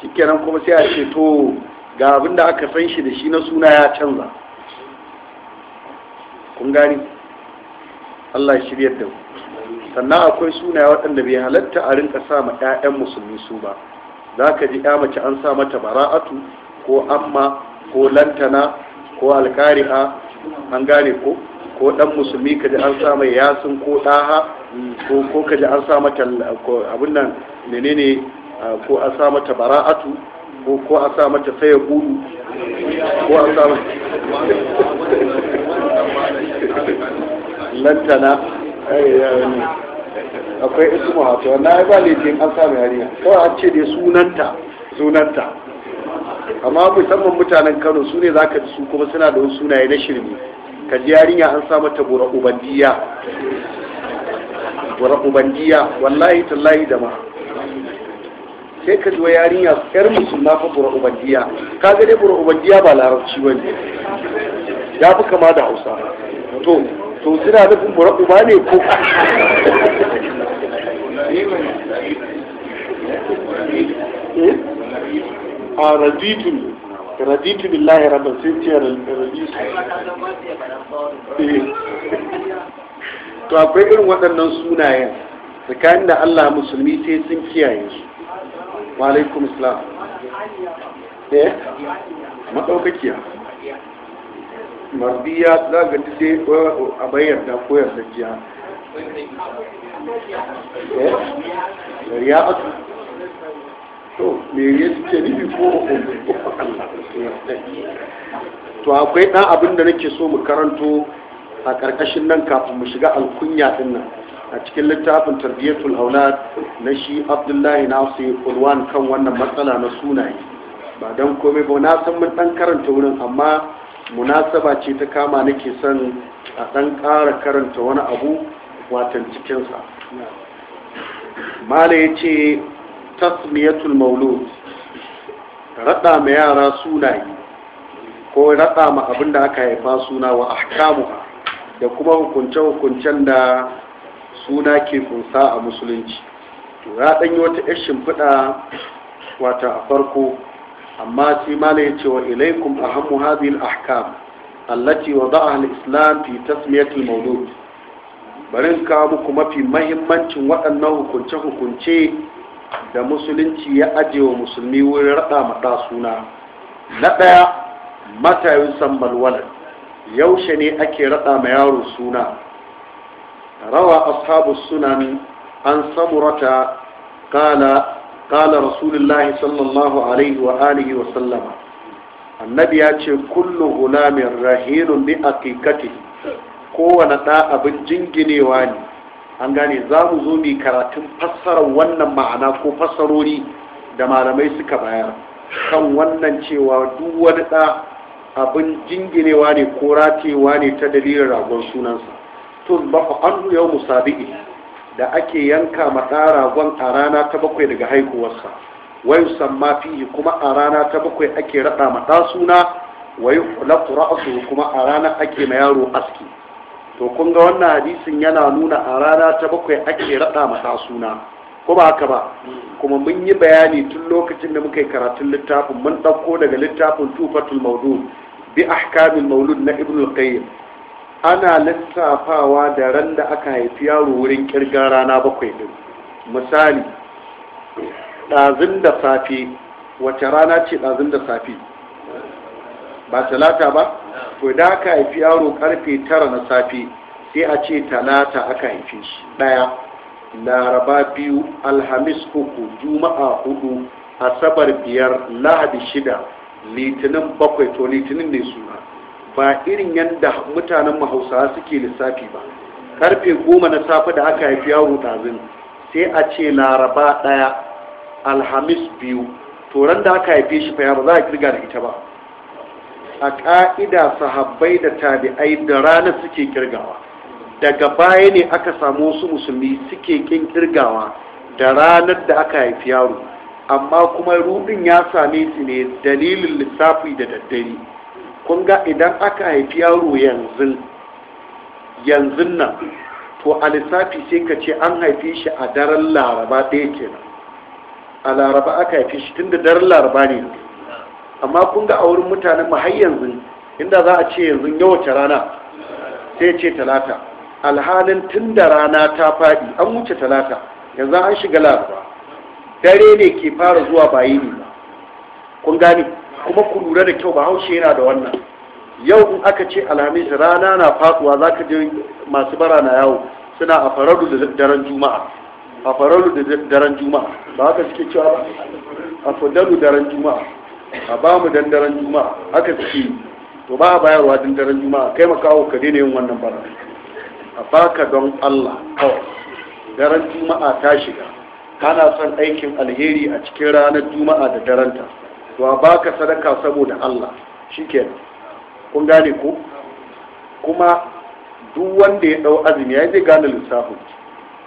Speaker 1: shikenan kuma sai a ce to ga abin da aka san shi da shi na suna ya canza kun gani Allah shiryar da sannan akwai suna waɗanda bai halatta a rinka sa ma 'ya'yan musulmi su ba za ka ji ya mace an sa mata mara'atu ko amma ko lantana ko alkari'a an gane ko ko dan musulmi ka ji an sa mai yasin ko ɗaha ko ko ka ji an sa mata abin nan menene ko an sa mata bara'atu ko ko an sa mata saya gudu ko an sa mata lantana akwai ismu hatu wanda ya ba laifin an sami hariya kawai an ce dai sunanta sunanta amma musamman mutanen kano su ne za ka ji su kuma suna da wasu sunaye na shirme ka ji yarinya an sa mata bura ubandiya bura ubandiya wallahi tallahi da ma sai ka ji wa yarinya yar musulma fa bura ubandiya ka ga dai bura ubandiya ba larabci bane ya fi kama da hausa to to suna nufin bura uba ne ko Eh? a ah, raditu raditu billahi rabban sai ce raditu eh. to akwai irin waɗannan sunayen tsakanin da Allah musulmi sai sun kiyaye su
Speaker 2: wa alaikum salam eh madaukakiya
Speaker 1: mardiya za ga tace eh, a bayyana koyar da jiya Eh? to me ya ce ni ko to akwai ɗan abin da nake so mu karanto a karkashin nan kafin mu shiga alkunya din nan a cikin littafin tarbiyyatul aulad na shi abdullahi nasir ulwan kan wannan matsala na sunaye ba don komai ba na san mun dan karanta wurin amma munasaba ce ta kama nake son a ɗan ƙara karanta wani abu watan cikinsa mala ya ce tasmiyatul maulud raɗa ma yara sunaye ko raɗa ma abin da aka haifa suna wa ahkamu da kuma hukunce-hukuncen da suna ke kunsa a musulunci to ya ɗanyi wata 'yar shimfiɗa wata a farko amma sai mala ya ce wa ilaikum ahammu hadhihi al-ahkam allati wada'aha al-islam fi tasmiyatul maulud bari in kawo muku mafi mahimmancin waɗannan hukunce-hukunce da musulunci ya ajiye wa musulmi wurin raɗa maɗa suna na ɗaya matayin sambal yaushe ne ake raɗa ma yaro suna rawa ashabu sunan an samurata kala kala rasulullahi sallallahu alaihi wa alihi wa sallama annabi ya ce kullu gulamin rahinun bi kowane ɗa abin jinginewa ne an gane za mu zo mai karatun fassarar wannan ma'ana ko fassarori da malamai suka bayar kan wannan cewa duk wani ɗa abin jinginewa ne ko ratewa ne ta dalilin ragon sunansa tun ba ku an yau musabi'i da ake yanka maɗa ragon a rana ta bakwai daga haihuwarsa wayu samma fihi kuma a rana ta bakwai ake raɗa maɗa suna wayu laƙura kuma a rana ake ma yaro aski to kun ga wannan hadisin yana nuna a rana ta bakwai ake raɗa masa suna ko ba haka ba kuma mun yi bayani tun lokacin da muka yi karatun littafin mun ɗauko daga littafin tufatul maulud bi ahkamil maulud na ibn al-qayyim ana littafawa da ran da aka haifi yaro wurin kirgar rana bakwai din misali ɗazin da safe wace rana ce ɗazin da safe ba talata ba to da aka haifi yaro karfe tara na safe sai a ce talata aka haifi shi ɗaya laraba biyu alhamis uku juma'a hudu asabar biyar lahadi shida litinin bakwai to litinin ne suna ba irin yadda mutanen mahausa suke lissafi ba karfe goma na safe da aka haifi yaro ɗazin sai a ce laraba ɗaya alhamis biyu to ran da aka haife shi fa yaro za a kirga da ita ba a ƙa'ida sahabbai da tabi'ai da rana suke kirgawa daga baya ne aka samu su musulmi suke kin kirgawa da ranar da aka haifi yaro amma kuma rudin ya same su ne dalilin lissafi da daddare kun ga idan aka haifi yaro yanzu yanzu nan to a lissafi sai ka ce an haife shi a daren laraba ɗaya kenan a laraba aka haife shi tun da daren laraba ne amma kun ga a wurin mutanen mu har yanzu inda za a ce yanzu yau wace rana sai ce talata alhalin tun da rana ta faɗi an wuce talata yanzu an shiga laraba dare ne ke fara zuwa bayi ne ba kun gani kuma ku lura da kyau ba haushe yana da wannan yau in aka ce alhamis rana na faɗuwa za ka je masu bara na yawo suna a fararu da daren juma'a a fararu da daren juma'a ba haka suke cewa ba a fadaru daren juma'a a ba mu dandaren juma'a haka suke to ba a bayarwa dandaren juma'a kai makawo ka daina yin wannan bara a baka don allah kawai daren juma'a ta shiga kana son aikin alheri a cikin ranar juma'a da daranta to a baka sadaka saboda allah shikenan kun gane ko kuma duk wanda ya dau azumi ya zai gane lissafin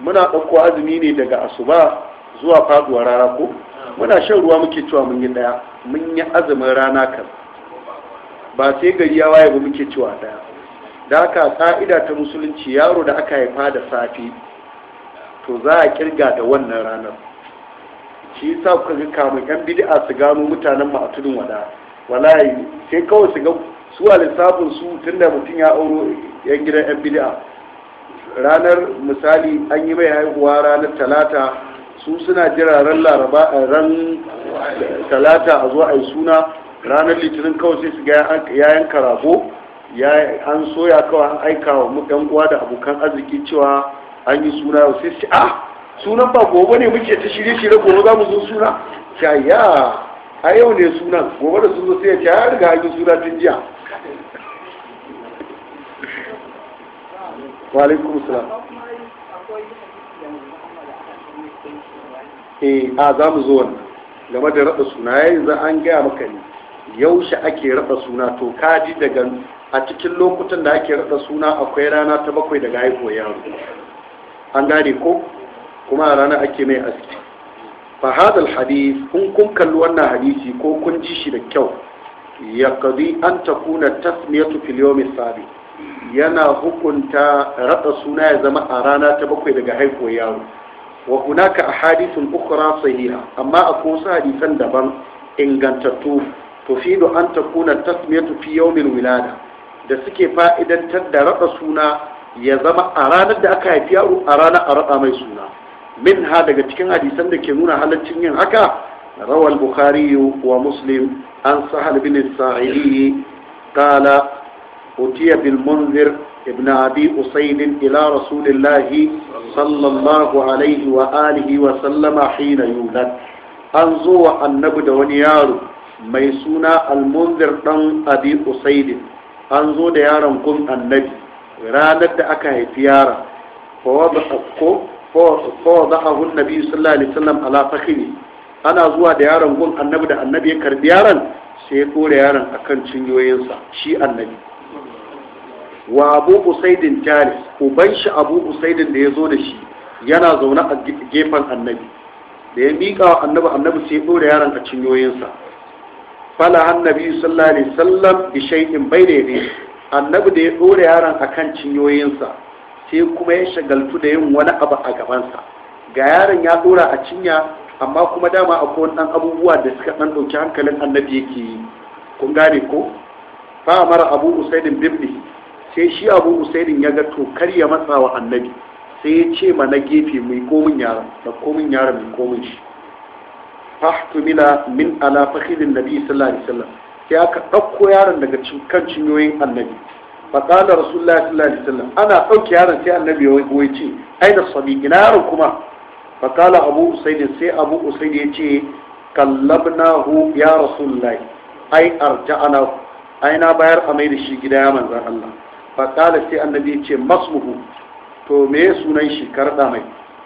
Speaker 1: muna ɗauko azumi ne daga asuba zuwa faɗuwar rana ko muna shan ruwa muke cewa mun yi daya mun yi azumin rana kan ba sai gari ya waye ba muke cewa daya da haka ka'ida ta musulunci yaro da aka haifa da safe to za a kirga da wannan ranar shi yasa kuka ga kamun yan bid'a su gano mutanen mu a tudun wada wallahi sai kawai su ga su a lissafin su tunda mutum ya auro yan gidan yan bid'a ranar misali an yi mai haihuwa ranar talata su suna jiraren ran laraba eh, ran talata a zo a yi suna ranar litinin kawai sai su ga yayan karabo an soya kawai an aika wa mu uwa da abokan arziki cewa an yi suna yau sai su ah sunan ba gobe ne muke ta shirye shirye gobe za mu zo suna ta ya a yau ne sunan gobe da sun zo sai ya ya ah, riga an yi suna tun jiya
Speaker 2: wa alaikum salam
Speaker 1: eh a za mu zo wannan game da raɗa suna ya yanzu an gaya maka ne yaushe ake raɗa suna to kaji daga a cikin lokutan da ake raɗa suna akwai rana ta bakwai daga haihuwar yaro an gane ko kuma a rana ake mai aski fa hadal hadith kun kun kalli wannan hadisi ko kun ji shi da kyau ya qadi an takuna tasmiyatu fil yawm sabi yana hukunta raɗa suna ya zama a rana ta bakwai daga haihuwar yaro wa hunaka ahadithun ukhra sahiha amma akwai wasu hadisan daban ingantattu da an takuna tasmiyatu fi yawmil wilada da suke fa'idantar da rada suna ya zama a ranar da aka haifi yaro a ranar a rada mai suna min ha daga cikin hadisan da ke nuna halaccin yin haka rawal bukhari wa muslim an sahal bin sa'idi qala utiya bil munzir ابن أبي أسيد إلى رسول الله صلى الله عليه وآله وسلم حين يولد أنزو النبي دونيار ميسونا المنذر دن أبي أسيد أنزو ديارا كن النبي رانت أكا هتيارا فوضعه النبي صلى الله عليه وسلم على فخذه ana zuwa da yaron gun annabi da annabi ya karbi yaron sai ya kore yaron akan cinyoyinsa shi annabi wa abu usaidin jaris uban shi abu usaidin da ya zo da shi yana zaune a gefen annabi da ya miƙa wa annabi annabi sai ɗora yaron a cinyoyinsa fala annabi sallallahu alaihi wasallam bi shay'in bayna yadihi annabi da ya ɗora yaron akan cinyoyinsa sai kuma ya shagaltu da yin wani abu a gabansa ga yaron ya ɗora a cinya amma kuma dama akwai wani ɗan abubuwa da suka ɗan ɗauki hankalin annabi yake yi kun gane ko fa amara abu usaidin bibni sai shi abu usaidin ya ga to kar ya matsa wa annabi sai ya ce ma na gefe mai komin yara da komin yara mai komin shi fahtumila min ala fakhidin nabi sallallahu alaihi wasallam sai aka ɗauko yaron daga kan cinyoyin annabi faƙala rasulullahi sallallahu alaihi wasallam ana ɗauke yaron sai annabi ya wai ce ai da sabi ina yaron kuma faƙala abu usaidin sai abu usaidin ya ce kallabnahu ya rasulullahi ai arja'ana ai na bayar a mai da shi gida ya manzan Allah fakala sai annabi ce masmuhu to me sunan shi ka mai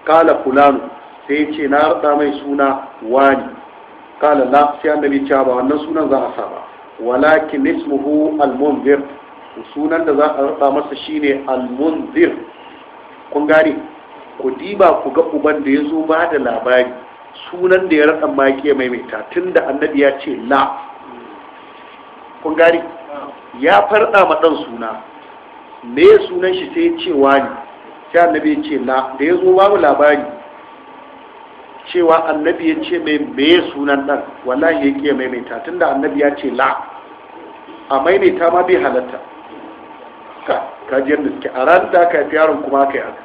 Speaker 1: kala fulanu sai ya ce na raɗa mai suna wani kala la sai annabi ce ba wannan sunan za a sa ba walakin ismuhu almunzir sunan da za a raɗa masa shine almunzir kun gane ku diba ku ga uban da ya zo ba da labari sunan da ya raɗa ya maimaita tun da annabi ya ce la kun gane ya farɗa ma ɗan suna me sunan shi sai cewa ne sai annabi ya ce la da ya zo babu labari cewa annabi ya ce mai me sunan ɗan? wallahi ya kiya maimaita tunda annabi ya ce la a maimaita ma bai halatta ka kajiyar da suke a ran da ka fi yaron kuma ka yi aka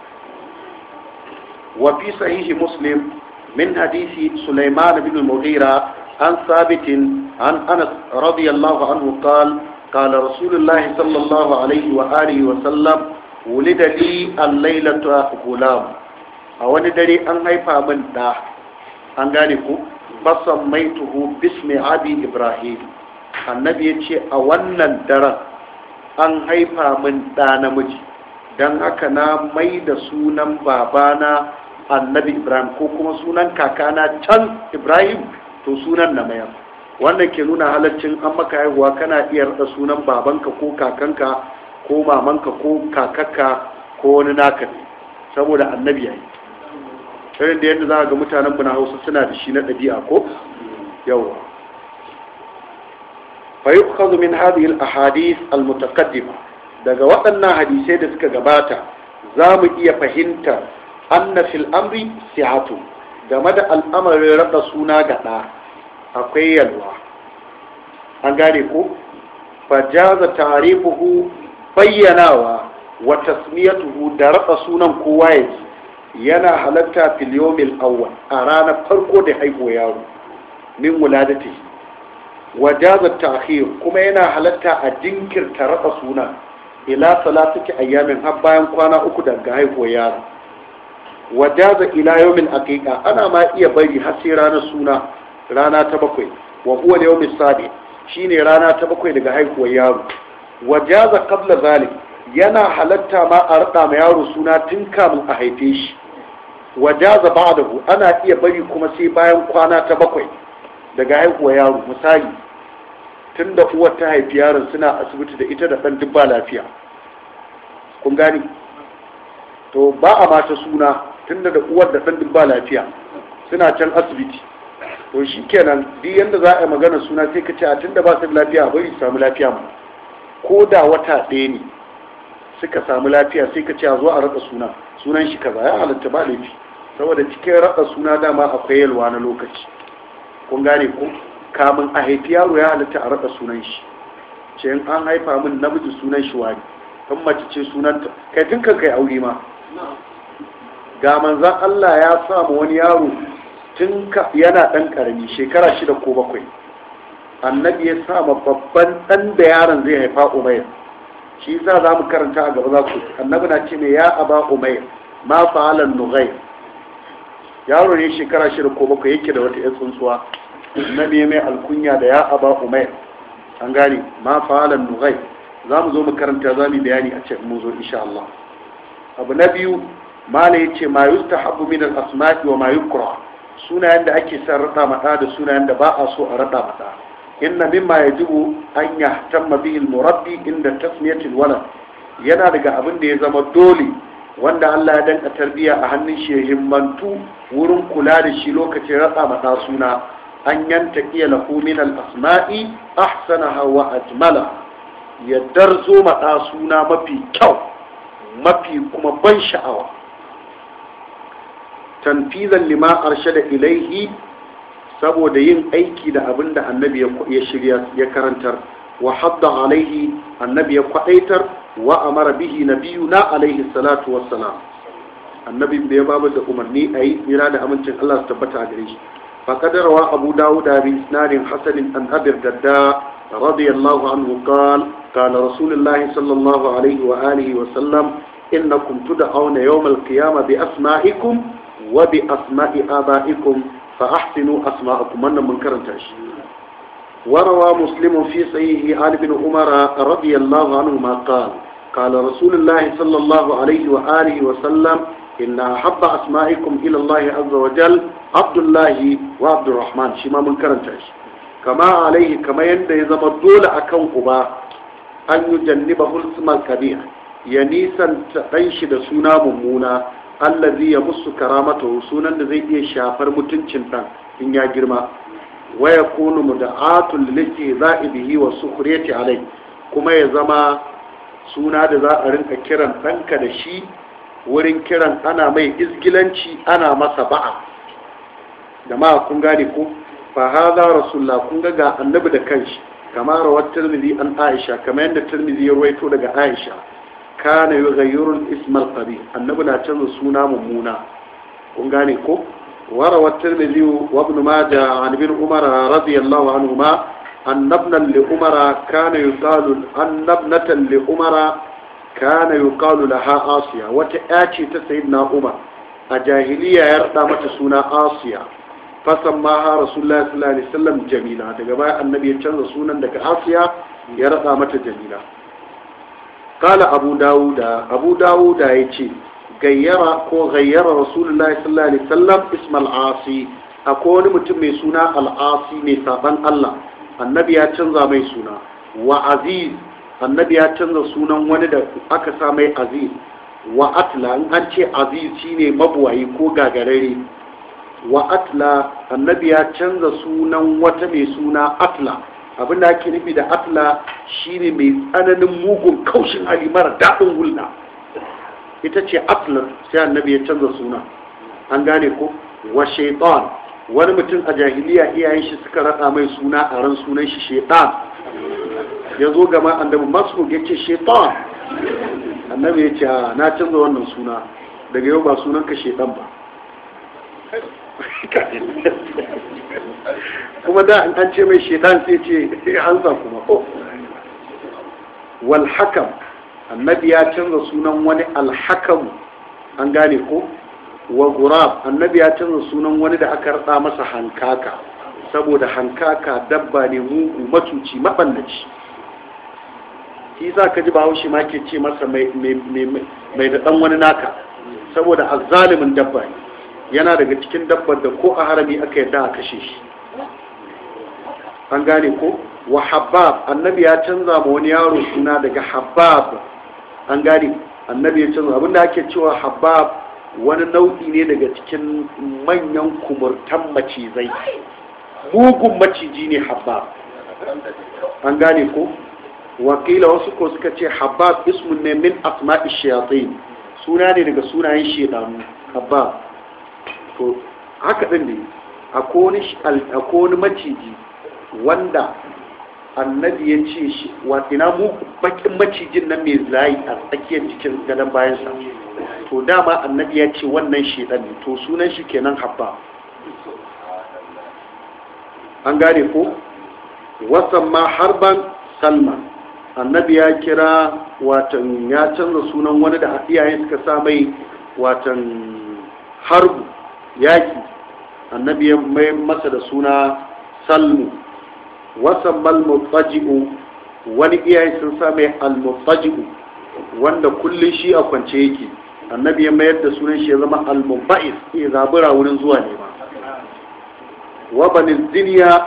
Speaker 1: wa fi sahihi muslim min hadisi sulaiman bin al-mughira an sabitin an anas radiyallahu anhu qala قال رسول الله صلى الله عليه وآله وسلم ولد لي الليلة غلام a wani dare an haifa min an gane ku basan maituhu bismi abi ibrahim annabi ya ce a wannan daren an haifa min da namiji don haka na mai da sunan babana annabi ibrahim ko kuma sunan kakana can ibrahim to sunan na mayar wannan ke nuna halaccin an maka haihuwa kana iya rada sunan babanka ko kakanka ko mamanka ko kakakka ko wani naka ne saboda annabi yayi irin da yadda za ga mutanen mu na Hausa suna da shi na ɗabi'a ko yawa fa yukhadhu min hadhihi al-ahadith al-mutaqaddima daga waɗannan hadisai da suka gabata za mu iya fahimta anna fil amri sihatu game da al'amarin raɗa suna ga ɗaya akwai yalwa an gane ko fajaza tarifuhu bayyanawa wa tasmiyatuhu da ratsa sunan kowa ya yana halatta filiyomil awwal a ranar farko da haihuwa yaro min wuladati wa jaza ta'khir kuma yana halatta a jinkirta ratsa suna ila salatati ayyamin har bayan kwana uku daga haihuwa yaro wa jaza ila yawmin aqiqa ana ma iya bari har sai ranar suna rana ta bakwai wa huwa yawmis sabi shine rana ta bakwai daga haihuwar yaro wajaza qabla zalik yana halatta ma a rada ma yaro suna tun kamun a haife shi wajaza ba'dahu ana iya bari kuma sai bayan kwana ta bakwai daga haihuwar yaro misali tunda uwar ta haifi yaron suna asibiti da ita da dan dubba lafiya kun gani to ba a mata suna tunda da uwar da dan dubba lafiya suna can asibiti to shi kenan duk yadda za a yi magana suna sai ka ce a tun da ba su lafiya ba su samu lafiya mu ko da wata ɗaya ne suka samu lafiya sai ka ce a zo a raka suna sunan shi kaza ya halatta ba laifi saboda cikin raka suna dama akwai yalwa na lokaci kun gane ko kamun a haifi yaro ya halatta a raka sunan shi ce in an haifa min namiji sunan shi wani kan mace ce sunan ta kai tun kan kai aure ma ga manzan Allah ya samu wani yaro tun yana ɗan ƙarami shekara shida ko bakwai annabi ya sama babban ɗan da yaron zai haifa umair shi za za mu karanta a gaba za ku annabi na ce ne ya aba umair ma fa'alan nugai yaro ne shekara shida ko bakwai yake da wata 'yan tsuntsuwa annabi mai alkunya da ya aba umair an gane ma fa'alan nugai za mu zo mu karanta za mu bayani a cikin mu zo insha Allah abu na biyu mala yace ma yustahabu min al-asma'i wa ma yukra sunayen da ake son rada mata da sunayen da ba a so a rada mata inna mimma yajibu an yahtamma bihi al-murabbi inda tasmiyatil walad yana daga abin da ya zama dole wanda Allah ya danka tarbiyya a hannun shi himmantu wurin kula da shi lokacin rada mata suna an yanta iya lahu min al-asma'i ahsanaha wa ajmala ya darzo mata suna mafi kyau mafi kuma ban sha'awa tanfizan lima arshada ilaihi saboda yin aiki da abin da annabi ya shirya ya karantar wa hadda alaihi annabi ya kwadaitar wa amara bihi na biyu na alaihi salatu wassalam annabi bai babu da umarni a yi tsira da amincin Allah su tabbata a gare shi fa abu dawuda bi isnadin hasanin an abir dadda radiyallahu anhu qal qala rasulullahi sallallahu alaihi wa alihi wa sallam innakum tud'auna yawm al-qiyamah bi asma'ikum wabi asma'i aba'ikum fa ahsinu asma'akum wannan mun karanta shi warawa muslimun fi sahihi umar radiyallahu anhu ma qala qala rasulullah sallallahu alayhi wa wa sallam inna habba asma'ikum ila allah azza wa jal abdullah wa abdurrahman shi ma mun karanta shi kama alayhi kama yanda ya zama dole a akan kuba an janniba al-kabir ya nisan tsanshi da suna mummuna Allah zai ya musu karamata sunan da zai iya shafar mutuncin ɗan in ya girma waya kunu muda'atul lake bihi wa sukhriyati alai kuma ya zama suna da za a rinka kiran ɗanka da shi wurin kiran ana mai izgilanci ana masa ba'a da ma kun gane ko fa haza rasulullah kun ga annabi da kanshi kamar rawat tirmidhi an aisha kamar yadda tirmidhi ya ruwaito daga aisha kana yi ghayyurin ismar fari annabi na canza suna mummuna kun gane ko wara wata da biyu wabin ma da radiyallahu anhu ma annabnan li umara kana yi kalul annabnatan li asiya wata ya ce ta sayin na umar a jahiliya ya rada mata suna asiya fasan ma ha rasulullahi sallallahu alaihi wasallam jamila daga baya annabi ya canza sunan daga asiya ya rada mata jamila kala abu dawuda abu dawuda ya ce gayyara ko gayyara rasulullahi sallallahu alaihi wasallam ismal asi akwai wani mutum mai suna al'asi mai saban Allah annabi ya canza mai suna wa aziz annabi ya canza sunan wani da aka sa mai aziz wa atla in an ce aziz shine mabuwayi ko gagarare wa atla annabi ya canza sunan wata mai suna atla abin da ake nufi da shi shine mai tsananin mugun kaushin hali mara daɗin hulɗa ita ce Afla sai annabi ya canza suna an gane ko wa shaitan wani mutum a jahiliya iyayen shi suka raɗa mai suna a ran sunan shi shaitan ya zo gama annabi masu ya ce shaitan annabi ya ce ah, na canza wannan suna daga yau ba sunan ka shaitan ba kuma da an ce mai shaitan sai ce eh, an san kuma ko wal annabi ya canza sunan wani alhakam an gane ko wa gurab annabi ya canza sunan wani da aka rada masa hankaka saboda hankaka dabba ne mugu matuci maballaci shi za ka ji bahaushe ma ke ce masa mai da dan wani naka saboda azzalimin dabba ne yana daga cikin dabbar da ko a harami aka yadda a kashe shi an gane ko wa habab annabi ya canza ma wani yaro suna daga habab an gane annabi ya canza abinda ake cewa habab wani nau'i ne daga cikin manyan kumurtan macizai mugun maciji ne habab an gane ko wakila wasu ko suka ce habab ismun ne min asma'i shayatin suna ne daga sunayen shedanu habab to haka ɗin ne a wani maciji wanda annabi ya ce shi wa ina mu bakin macijin nan mai layi a tsakiyar jikin gadon bayansa to dama annabi ya ce wannan shedan ne to sunan shi kenan habba an gane ko wasan ma harban salman annabi ya kira watan ya canza sunan wani da iyayen suka sa mai watan harbu yaki annabi ya mai masa da suna salmu wasan mutaji'u wani iyaye sun sa mai wanda kullum shi a kwance yake annabi ya mayar da sunan shi ya zama almubais ya zabura wurin zuwa ne ba wa banin duniya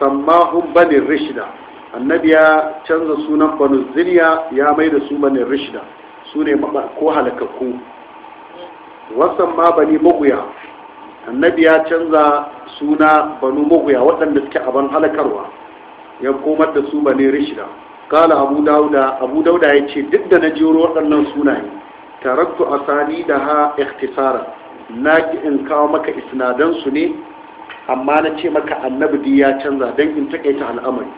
Speaker 1: sammahun banin rishida annabi ya canza sunan banin ziniya, ya mai da su banin rishida su ne ko halakakku wasan ma bani maguya annabi ya canza suna banu magoya waɗanda suke aban halakarwa ya komar da su bane rishida kala abu dauda abu dauda ya ce duk da na jero waɗannan sunaye a sani da ha ikhtisara na ki in kawo maka isnadan ne amma na ce maka annabi ya canza don in takaita al'amari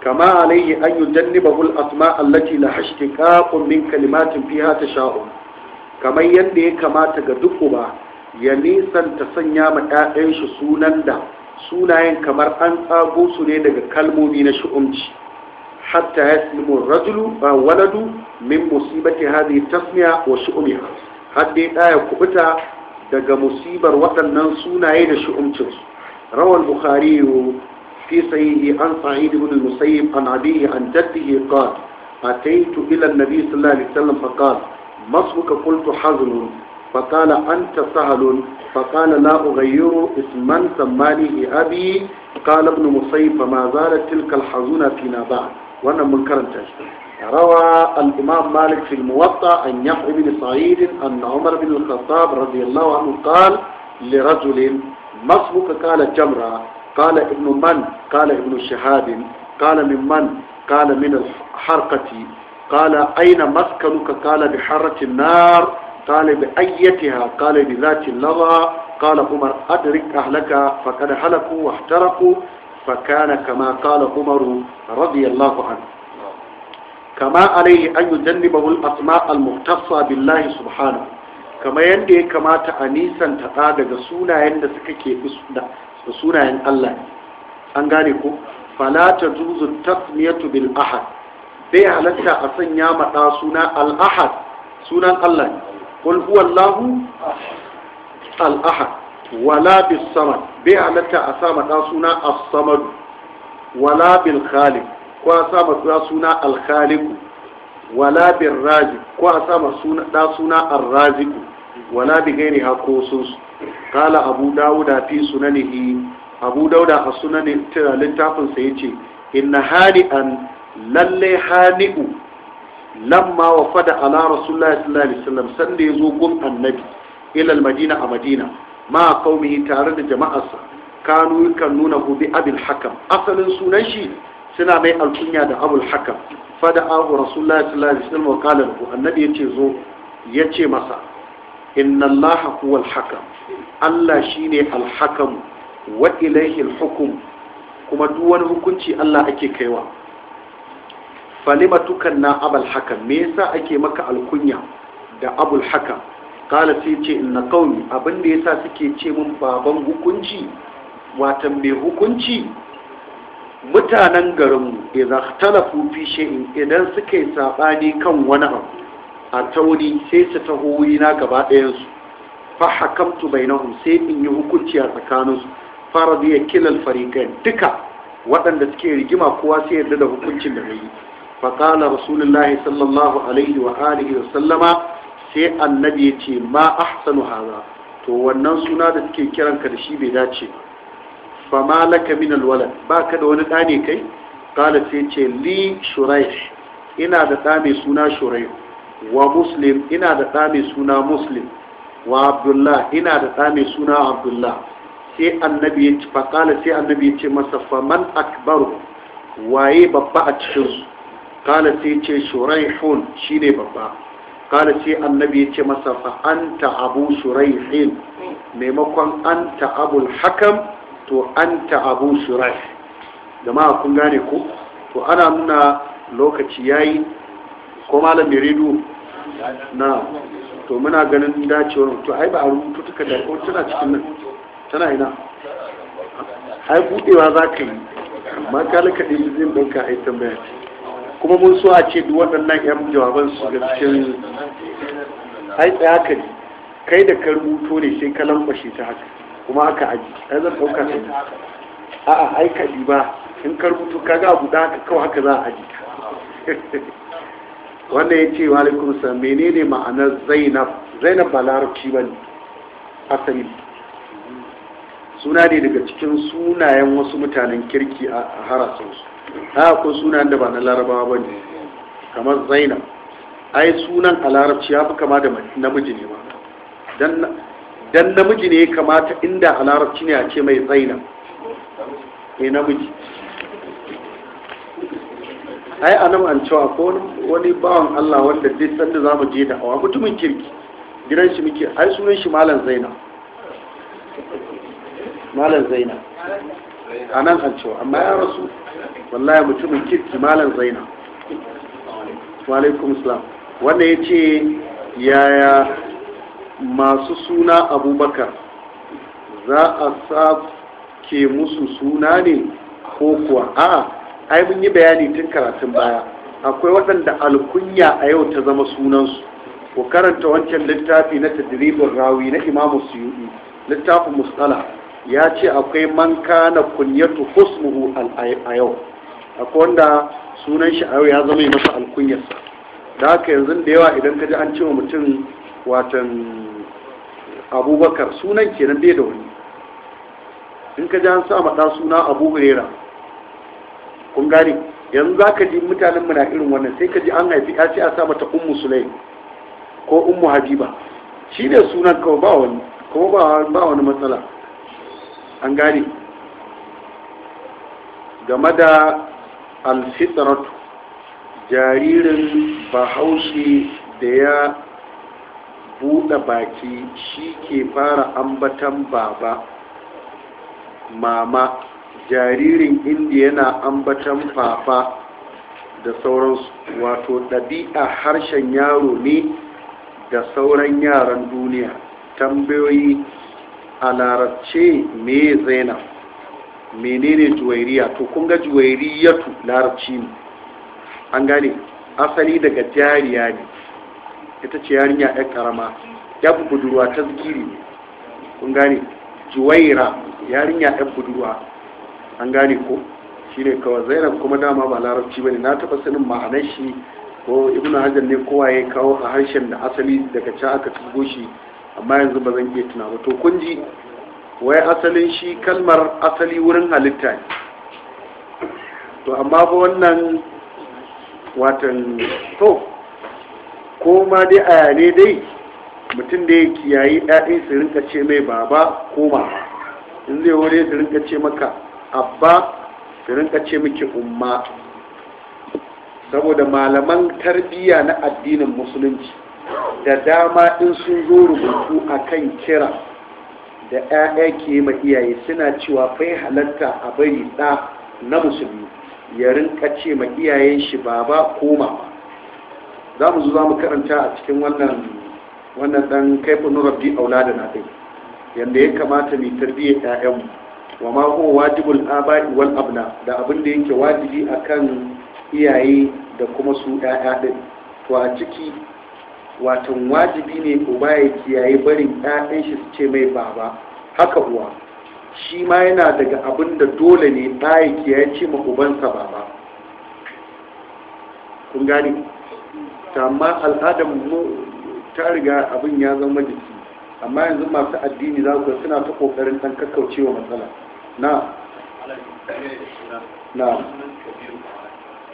Speaker 1: kama كما عليه أن يجنبه الأسماء min kalimatin fiha من kamar yadda ya kamata ga duk uba ya nisanta sanya ma 'ya'yan shi sunan da sunayen kamar an tsago su ne daga kalmomi na shi'umci hatta yaslimu rajulu ba waladu min musibati hadhihi tasmiya wa shu'umiha har dai ya kubuta daga musibar waɗannan sunaye da shu'umcin rawal bukhari fi sahihi an sa'id ibn musayyib an abihi an jaddihi qala ataitu ila an-nabi sallallahu alaihi wasallam faqala masbuka qultu hazlun فقال أنت سهل فقال لا أغير اسما سماني أبي قال ابن مصيب فما زالت تلك الحزونة فينا بعد وأنا منكر تشبه روى الإمام مالك في الموطأ عن يحيى بن سعيد أن عمر بن الخطاب رضي الله عنه قال لرجل ما اسمك قال جمرة قال ابن من قال ابن شهاب قال من من قال من الحرقة قال أين مسكنك قال بحرة النار قال بأيتها قال بذات اللغى قال عمر أدرك أهلك فقد هلكوا واحترقوا فكان كما قال عمر رضي الله عنه كما عليه أن يجنبه الأسماء المختصة بالله سبحانه كما يندي كما تأنيسا تقاد سونا عند سكك سونا عند الله أنغانيكو فلا تجوز التسمية بالأحد بي على التأسن يا مدى سونا الأحد سونا الله kul huwallahu al-ahad wala bis samad bai halatta a sama da suna as-samad wala a sama da suna al-khaliq wala a sama da suna ar-raziq su kala abu a sunanin littafinsa ya ce inna hani'an lalle hani'u lamma wa fada ala rasulullahi sallallahu ya zo gun annabi ilal madina a madina ma qaumihi tare da jama'arsa kanu kan nuna hu bi abil asalin sunan shi suna mai alkunya da abul hakam fada ahu rasulullahi sallallahu alaihi wasallam wa qala lahu annabi yace zo yace masa inna allaha huwal hakam allah shine al hakam wa ilayhi al kuma duk wani hukunci Allah ake kaiwa falima na abal hakan me yasa ake maka alkunya da abul hakan kala sai ce inna qaumi abin da yasa suke ce mun baban hukunci watan mai hukunci mutanen garinmu idan talafu fi shay'in idan suka yi sabani kan wani abu a tauri sai su taho wurina gaba ɗayansu fa hakamtu bainahum sai in yi hukunci a tsakaninsu faradiya kilal fariqain duka waɗanda suke rigima kowa sai yarda da hukuncin da nayi faƙala rasulullahi sallallahu alaihi wa alihi wa sai annabi ya ma ahsanu haza to wannan suna da suke kiranka da shi bai dace ba fa ma laka min alwalad baka da wani ɗa ne kai qala sai ce li shuraish ina da ɗa mai suna shuraish wa muslim ina da ɗa mai suna wa ina da ɗa mai suna sai annabi ya ce fa sai annabi ya ce masa faman akbaru waye babba a cikin su kala sai ce shuraihun shine babba kala sai annabi ya ce masa fa anta abu shuraihin maimakon anta abul hakam to anta abu shuraih jama'a kun gane ko to ana nuna lokaci yayi ko malam redu na to muna ganin dacewar to ai ba a rubutu tuka da ko tana cikin nan tana ina
Speaker 2: ai za
Speaker 1: ka yi amma ka lakaɗe zai ɗauka a yi tambaya kuma mun so a ce duk waɗannan 'yan jawaban su ga cikin
Speaker 2: ai tsaya ka ne
Speaker 1: kai da ka rubuto ne sai ka lankwashe ta haka kuma haka aji ai zan ɗauka ta ne a'a ai ka ba in ka rubuto ka ga abu da haka kawai haka za a aji ta wannan ya ce wa alaikun sa menene ma'anar zainab zainab ba larabci ba ne asali suna ne daga cikin sunayen wasu mutanen kirki a harasansu ha akwai sunayen da ba na larabawa ba ne kamar zainab ai sunan a larabci ya fi kama da namiji ne ba, dan namiji ne ya kamata inda a larabci ne a ce mai zainab ne eh, namiji ai a nan an cewa ko wani bawan Allah wanda duk sanda za mu je da awa mutumin kirki gidan shi muke ai sunan shi malam zainab malam zaina a nan an cewa amma ya rasu wallahi mutumin kirki malam zaina walaikum salam wanda ya ce yaya masu suna abubakar za a sake musu suna ne ko kuwa a ai mun yi bayani tun karatun baya akwai waɗanda alkunya a yau ta zama sunansu ko karanta wancan littafi na tadribin rawi na imamu suyuɗi littafin musala ya ce akwai man na kunyatu husmuhu al yau. akwai wanda sunan shi ayau ya zama masa alkunyarsa da haka yanzu da yawa idan ka ji an cewa mutum watan abubakar sunan kenan bai da wani in ka ji an sa maɗa suna abu hurera kun gane yanzu za ka ji mutanen na irin wannan sai ka ji an haifi ya ce a sa mata ummu sulaim ko ummu habiba shi ne sunan kawai ba wani kuma ba wani matsala an gane game da alfitratu jaririn bahaushe da ya buɗe baki shi ke fara ambatan baba mama jaririn indiya yana ambatan fafa da sauransu wato ɗabi'a harshen yaro ne da sauran yaran duniya tambayoyi a larabce me zainab menene juwairiya to kun ga juwairiyatu larabci ne an gane asali daga jariya ne ita ce yarinya ɗan ƙarama ya budurwa ta zikiri ne kun gane juwaira yarinya ɗan budurwa an gane ko shi ne kawai zainab kuma dama ba larabci ba ne na taɓa sanin ma'anar shi ko ibn hajar ne kowa ya kawo a harshen da asali daga can aka tugo shi amma yanzu ba zan iya tuna ba to kun ji wai asalin shi kalmar asali wurin halitta ne to amma ba wannan watan to ko ma dai a yane dai mutum da ya kiyayi ɗaɗin su rinka ce mai baba ko ma in zai wuri su rinka ce maka abba su rinka ce miki umma saboda malaman tarbiyya na addinin musulunci da dama in sun zo rubutu a kan kira da 'ya'ya ke ma iyaye suna cewa fai halatta a bari ɗa na musulmi ya rinka ce ma iyayen shi ba ba mama za mu zo za mu karanta a cikin wannan wannan dan kaifin wula aulada na kai yadda ya kamata mu tarbiyyar 'ya'yanmu wa ma ko wajibul aba'i wal abna da abin da yake wajibi akan iyaye da kuma su 'ya'ya din to a ciki watan wajibi ne uba ya kiyaye barin 'ya'yan shi su ce mai baba haka uwa shi ma yana daga abin da dole ne ɗa ya kiyaye ce ma ubansa baba kun gane amma al'adar mu ta riga abin ya zama jiki amma yanzu masu addini za ku suna ta kokarin ɗan kakkaucewa matsala na
Speaker 2: na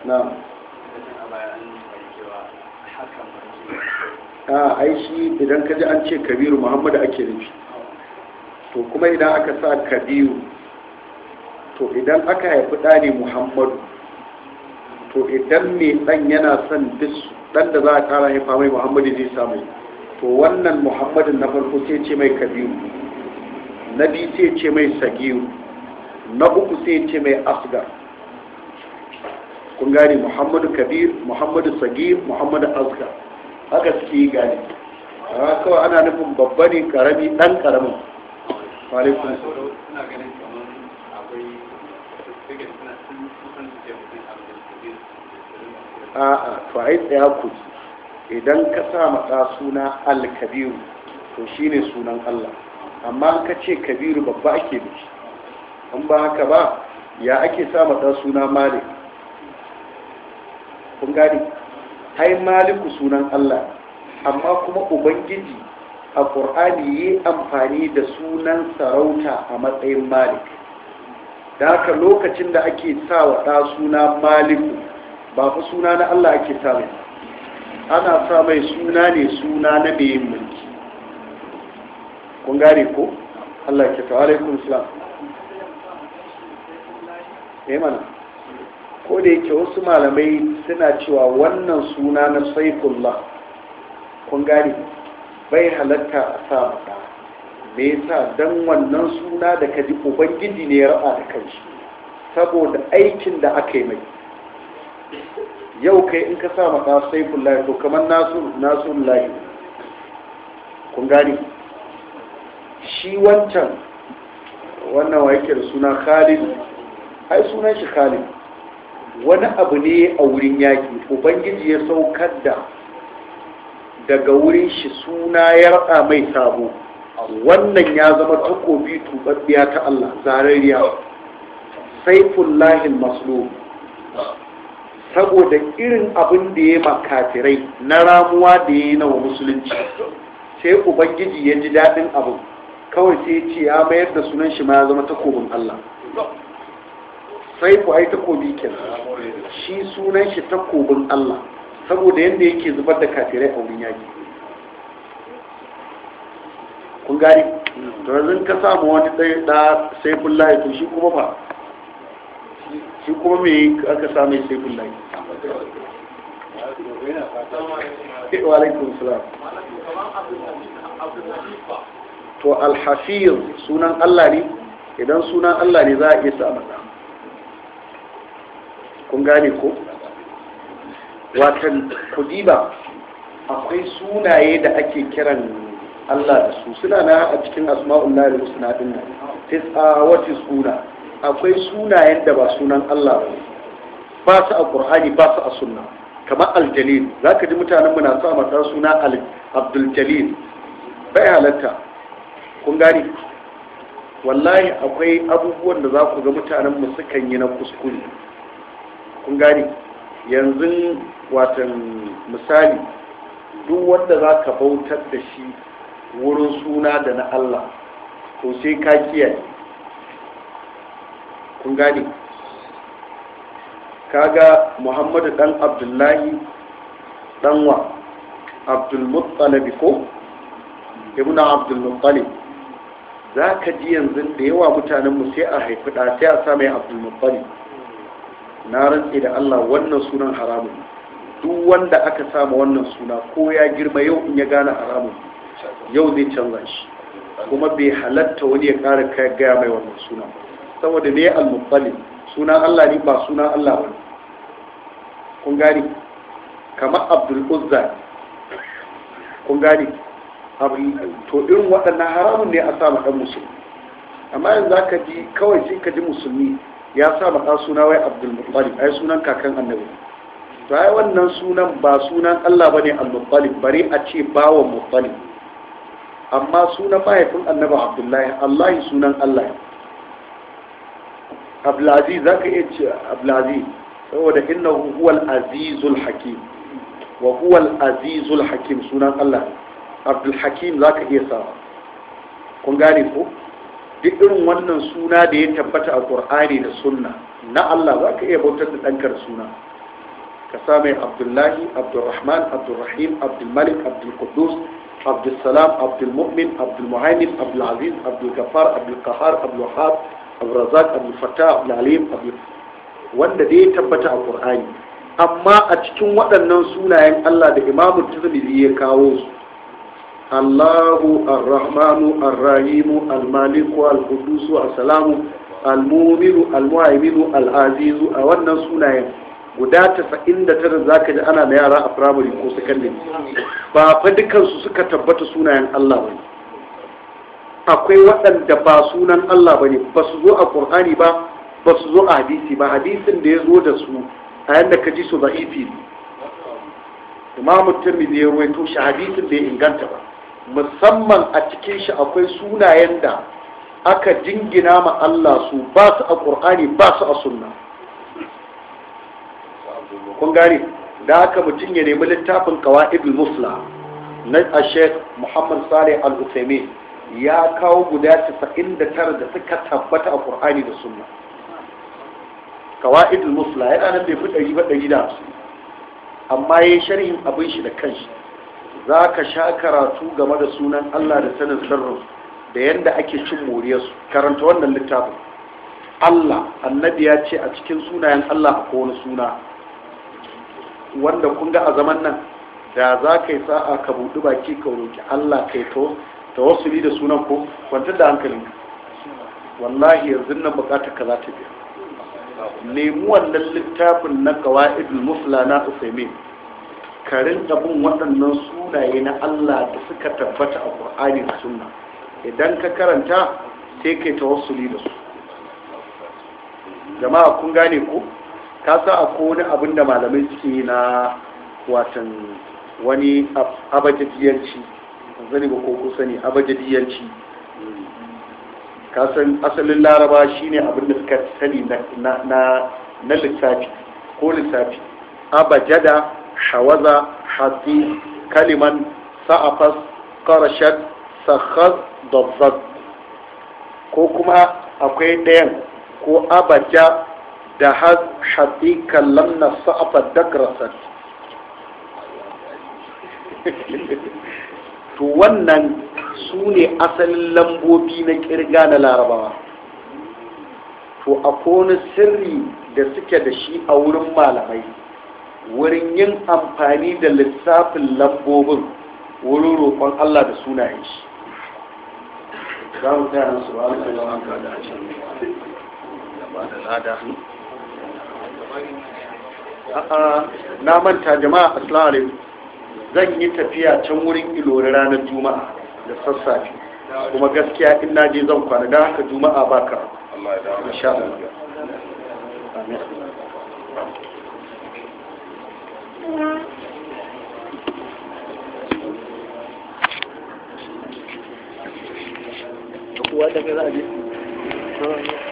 Speaker 2: na
Speaker 1: a aishi idan ka ji an ce kabiru muhammadu ake nufi to kuma idan aka sa kabiru to idan aka haifi ɗani muhammadu to idan mai ɗan yana son duk ɗan da za a ƙara haifa mai muhammadu zai samu to wannan Muhammadu na farko sai ce mai kabiru na biyu sai ce mai sagiru na uku sai ce mai asgar kun gane muhammadu kabir muhammadu sagir muhammadu asgar haka suke yi gane amma kawai ana nufin babba ne karami dan karamin alaikun a'a to tsaya ku idan ka sa mata suna alkabiru to shine sunan Allah amma ka ce kabiru babba ake shi an ba haka ba ya ake sa mata suna malik kun gani Hai maliku sunan Allah amma kuma ubangiji a ƙur'ani yi amfani da sunan sarauta a matsayin malik da haka lokacin da ake sa wa ɗa suna maliku ba fi suna na Allah ake sa mai ana sa mai suna ne suna na mai mulki kun gane ko Allah ke ta alaikun eh mana ko da yake wasu malamai suna cewa wannan suna na saifullah kun gani bai halatta a sa maɗa. me yasa dan wannan suna da ka ji ubangiji ne ya raba da kanshi saboda aikin da aka yi mai yau kai in ka sa mata saifullah to kamar nasu nasu lahi kun gani shi wancan wannan wa yake da suna khalid ai sunan shi khalid wani abu ne a wurin yaƙi ubangiji ya saukar da daga wurin shi suna ya raɗa mai sabo wannan ya zama takobi tubabbiya ta Allah zarariya Lahin maslo saboda irin abin da ya makafirai na ramuwa da ya yi na musulunci sai ubangiji ya ji daɗin abu. kawai sai ce ya mayar da sunan shi ma ya zama takobin Allah saifu ai takobi kenan shi sunan shi takobin Allah saboda yadda yake zubar da kafirai a wurin yaki kun gari to yanzu ka samu wani ɗaya da sai layi to shi kuma fa shi kuma me aka samu saifin layi to alhafiyar sunan Allah ne idan sunan Allah ne za a iya sa kun gane ko watan kudiba akwai sunaye da ake kiran Allah da su suna na a cikin asma'ullahi husna din nan tisawati suna akwai sunayen da ba sunan Allah ba ba su a Qur'ani ba su a sunna kamar aljalil zaka ji mutanen mu na sa mata suna abdul jalil bai halatta kun gane wallahi akwai abubuwan da za ku ga mutanen mu sukan yi na kuskure kun gani yanzu watan misali duk wanda za ka bautar da shi wurin suna da na Allah ko sai ka kiyaye kun gani kaga muhammadu dan abdullahi danwa abdulmuttalabi ko ibn abdulmuttalib za ka ji yanzu da yawa mutanenmu sai a haifi ɗa sai a sa mai abdulmuttalib na rantse da Allah wannan sunan haramun duk wanda aka samu wannan suna ko ya girma yau in ya gane haramun yau zai canza shi kuma bai halatta wani ya ƙara kai gaya mai wannan suna saboda ne al-muttalib sunan Allah ne ba sunan Allah ba kun gani kamar Abdul Uzza kun gani to irin waɗannan haramun ne a samu dan musulmi amma yanzu ka ji kawai sai ka ji musulmi ya sa maka suna wai abdulmuttalib ai sunan kakan annabi to ai wannan sunan ba sunan Allah bane al-muttalib bare a ce bawan muttalib amma sunan mahaifin annabi abdullahi Allah sunan Allah za ka iya ce abdulaziz saboda innahu huwal azizul hakim wa huwal azizul hakim sunan Allah abdul hakim ka iya sa kun gane ko duk irin wannan suna da ya tabbata a ƙur'ani da sunna na Allah za ka iya bautar da ɗankar suna ka sa mai abdullahi abdulrahman abdulrahim abdulmalik abdulkudus abdulsalam abdulmu'min abdulmuhaimin abdulaziz abdulgafar abdulkahar abdulhab abdulrazak abdulfata abdulalim wanda da ya tabbata a ƙur'ani amma a cikin waɗannan sunayen Allah da imamu tuzuli ya kawo su الله الرحمن الرحيم المالك القدوس السلام المؤمن المؤمن العزيز a wannan sunayen guda za zaka ji ana na yara a firamare ko sakandare ba fa dukansu suka tabbata sunayen Allah ba akwai waɗanda ba sunan Allah ba ne ba su zo a Qur'ani ba ba su zo a hadisi ba hadisin da ya zo da su a yadda ka ji su da'ifi imamu tirmidhi ya ruwaito shi hadisin da ya inganta ba musamman a cikin shi akwai sunayen da aka jingina ma Allah su ba su a ƙur'ani ba su a sunna kun gane da aka mutum ya nemi littafin kawa'id musla na ashe muhammad salih al usaimi ya kawo guda 99 da suka tabbata a ƙur'ani da sunna kawa'id musla yana nan bai fi ɗari ba ɗari da amma ya yi sharhin abin shi da kanshi za ka sha karatu game da sunan Allah da sanin sirrin da yadda ake cin moriyarsu karanta wannan littafin Allah annabi ya ce a cikin sunayen Allah a wani suna wanda kun ga a zaman nan da za ka yi sa'a ka buɗi baki ka roƙi Allah ka yi tawassuli da sunan ko kwantar da hankali. wallahi yanzu nan bukata ka za ta biya nemi wannan littafin na qawaidul musla na usaimin Karin abin waɗannan sunaye na Allah da suka tabbata a ƙur'ani da Sunna idan ka karanta sai kai tawassuli da su jama'a kun gane ko ka sa a kone abin da malamai suke na watan wani abajadiyanci zani ba ko sani ne Ka kasan asalin laraba shine abin da suka sani na lissafi ko lissafi abajada hawaza hatsi kaliman sa'afas karashat sakhaz dabzaz ko kuma akwai ɗayan ko abaja da hatsi kallam na sa'afar dagrasat to wannan su ne asalin lambobi na kirga na larabawa to akwai wani sirri da suke da shi a wurin malamai wurin yin amfani da lissafin lambobin wurin roƙon Allah da sunayen shi
Speaker 2: za mu ta yi su ba da lada na manta
Speaker 1: jama'a assalamu zan yi tafiya can wurin ilori ranar juma'a da sassafe kuma gaskiya in na je zan kwana da haka juma'a ba ka
Speaker 2: Allah ya dawo insha kuwa da ka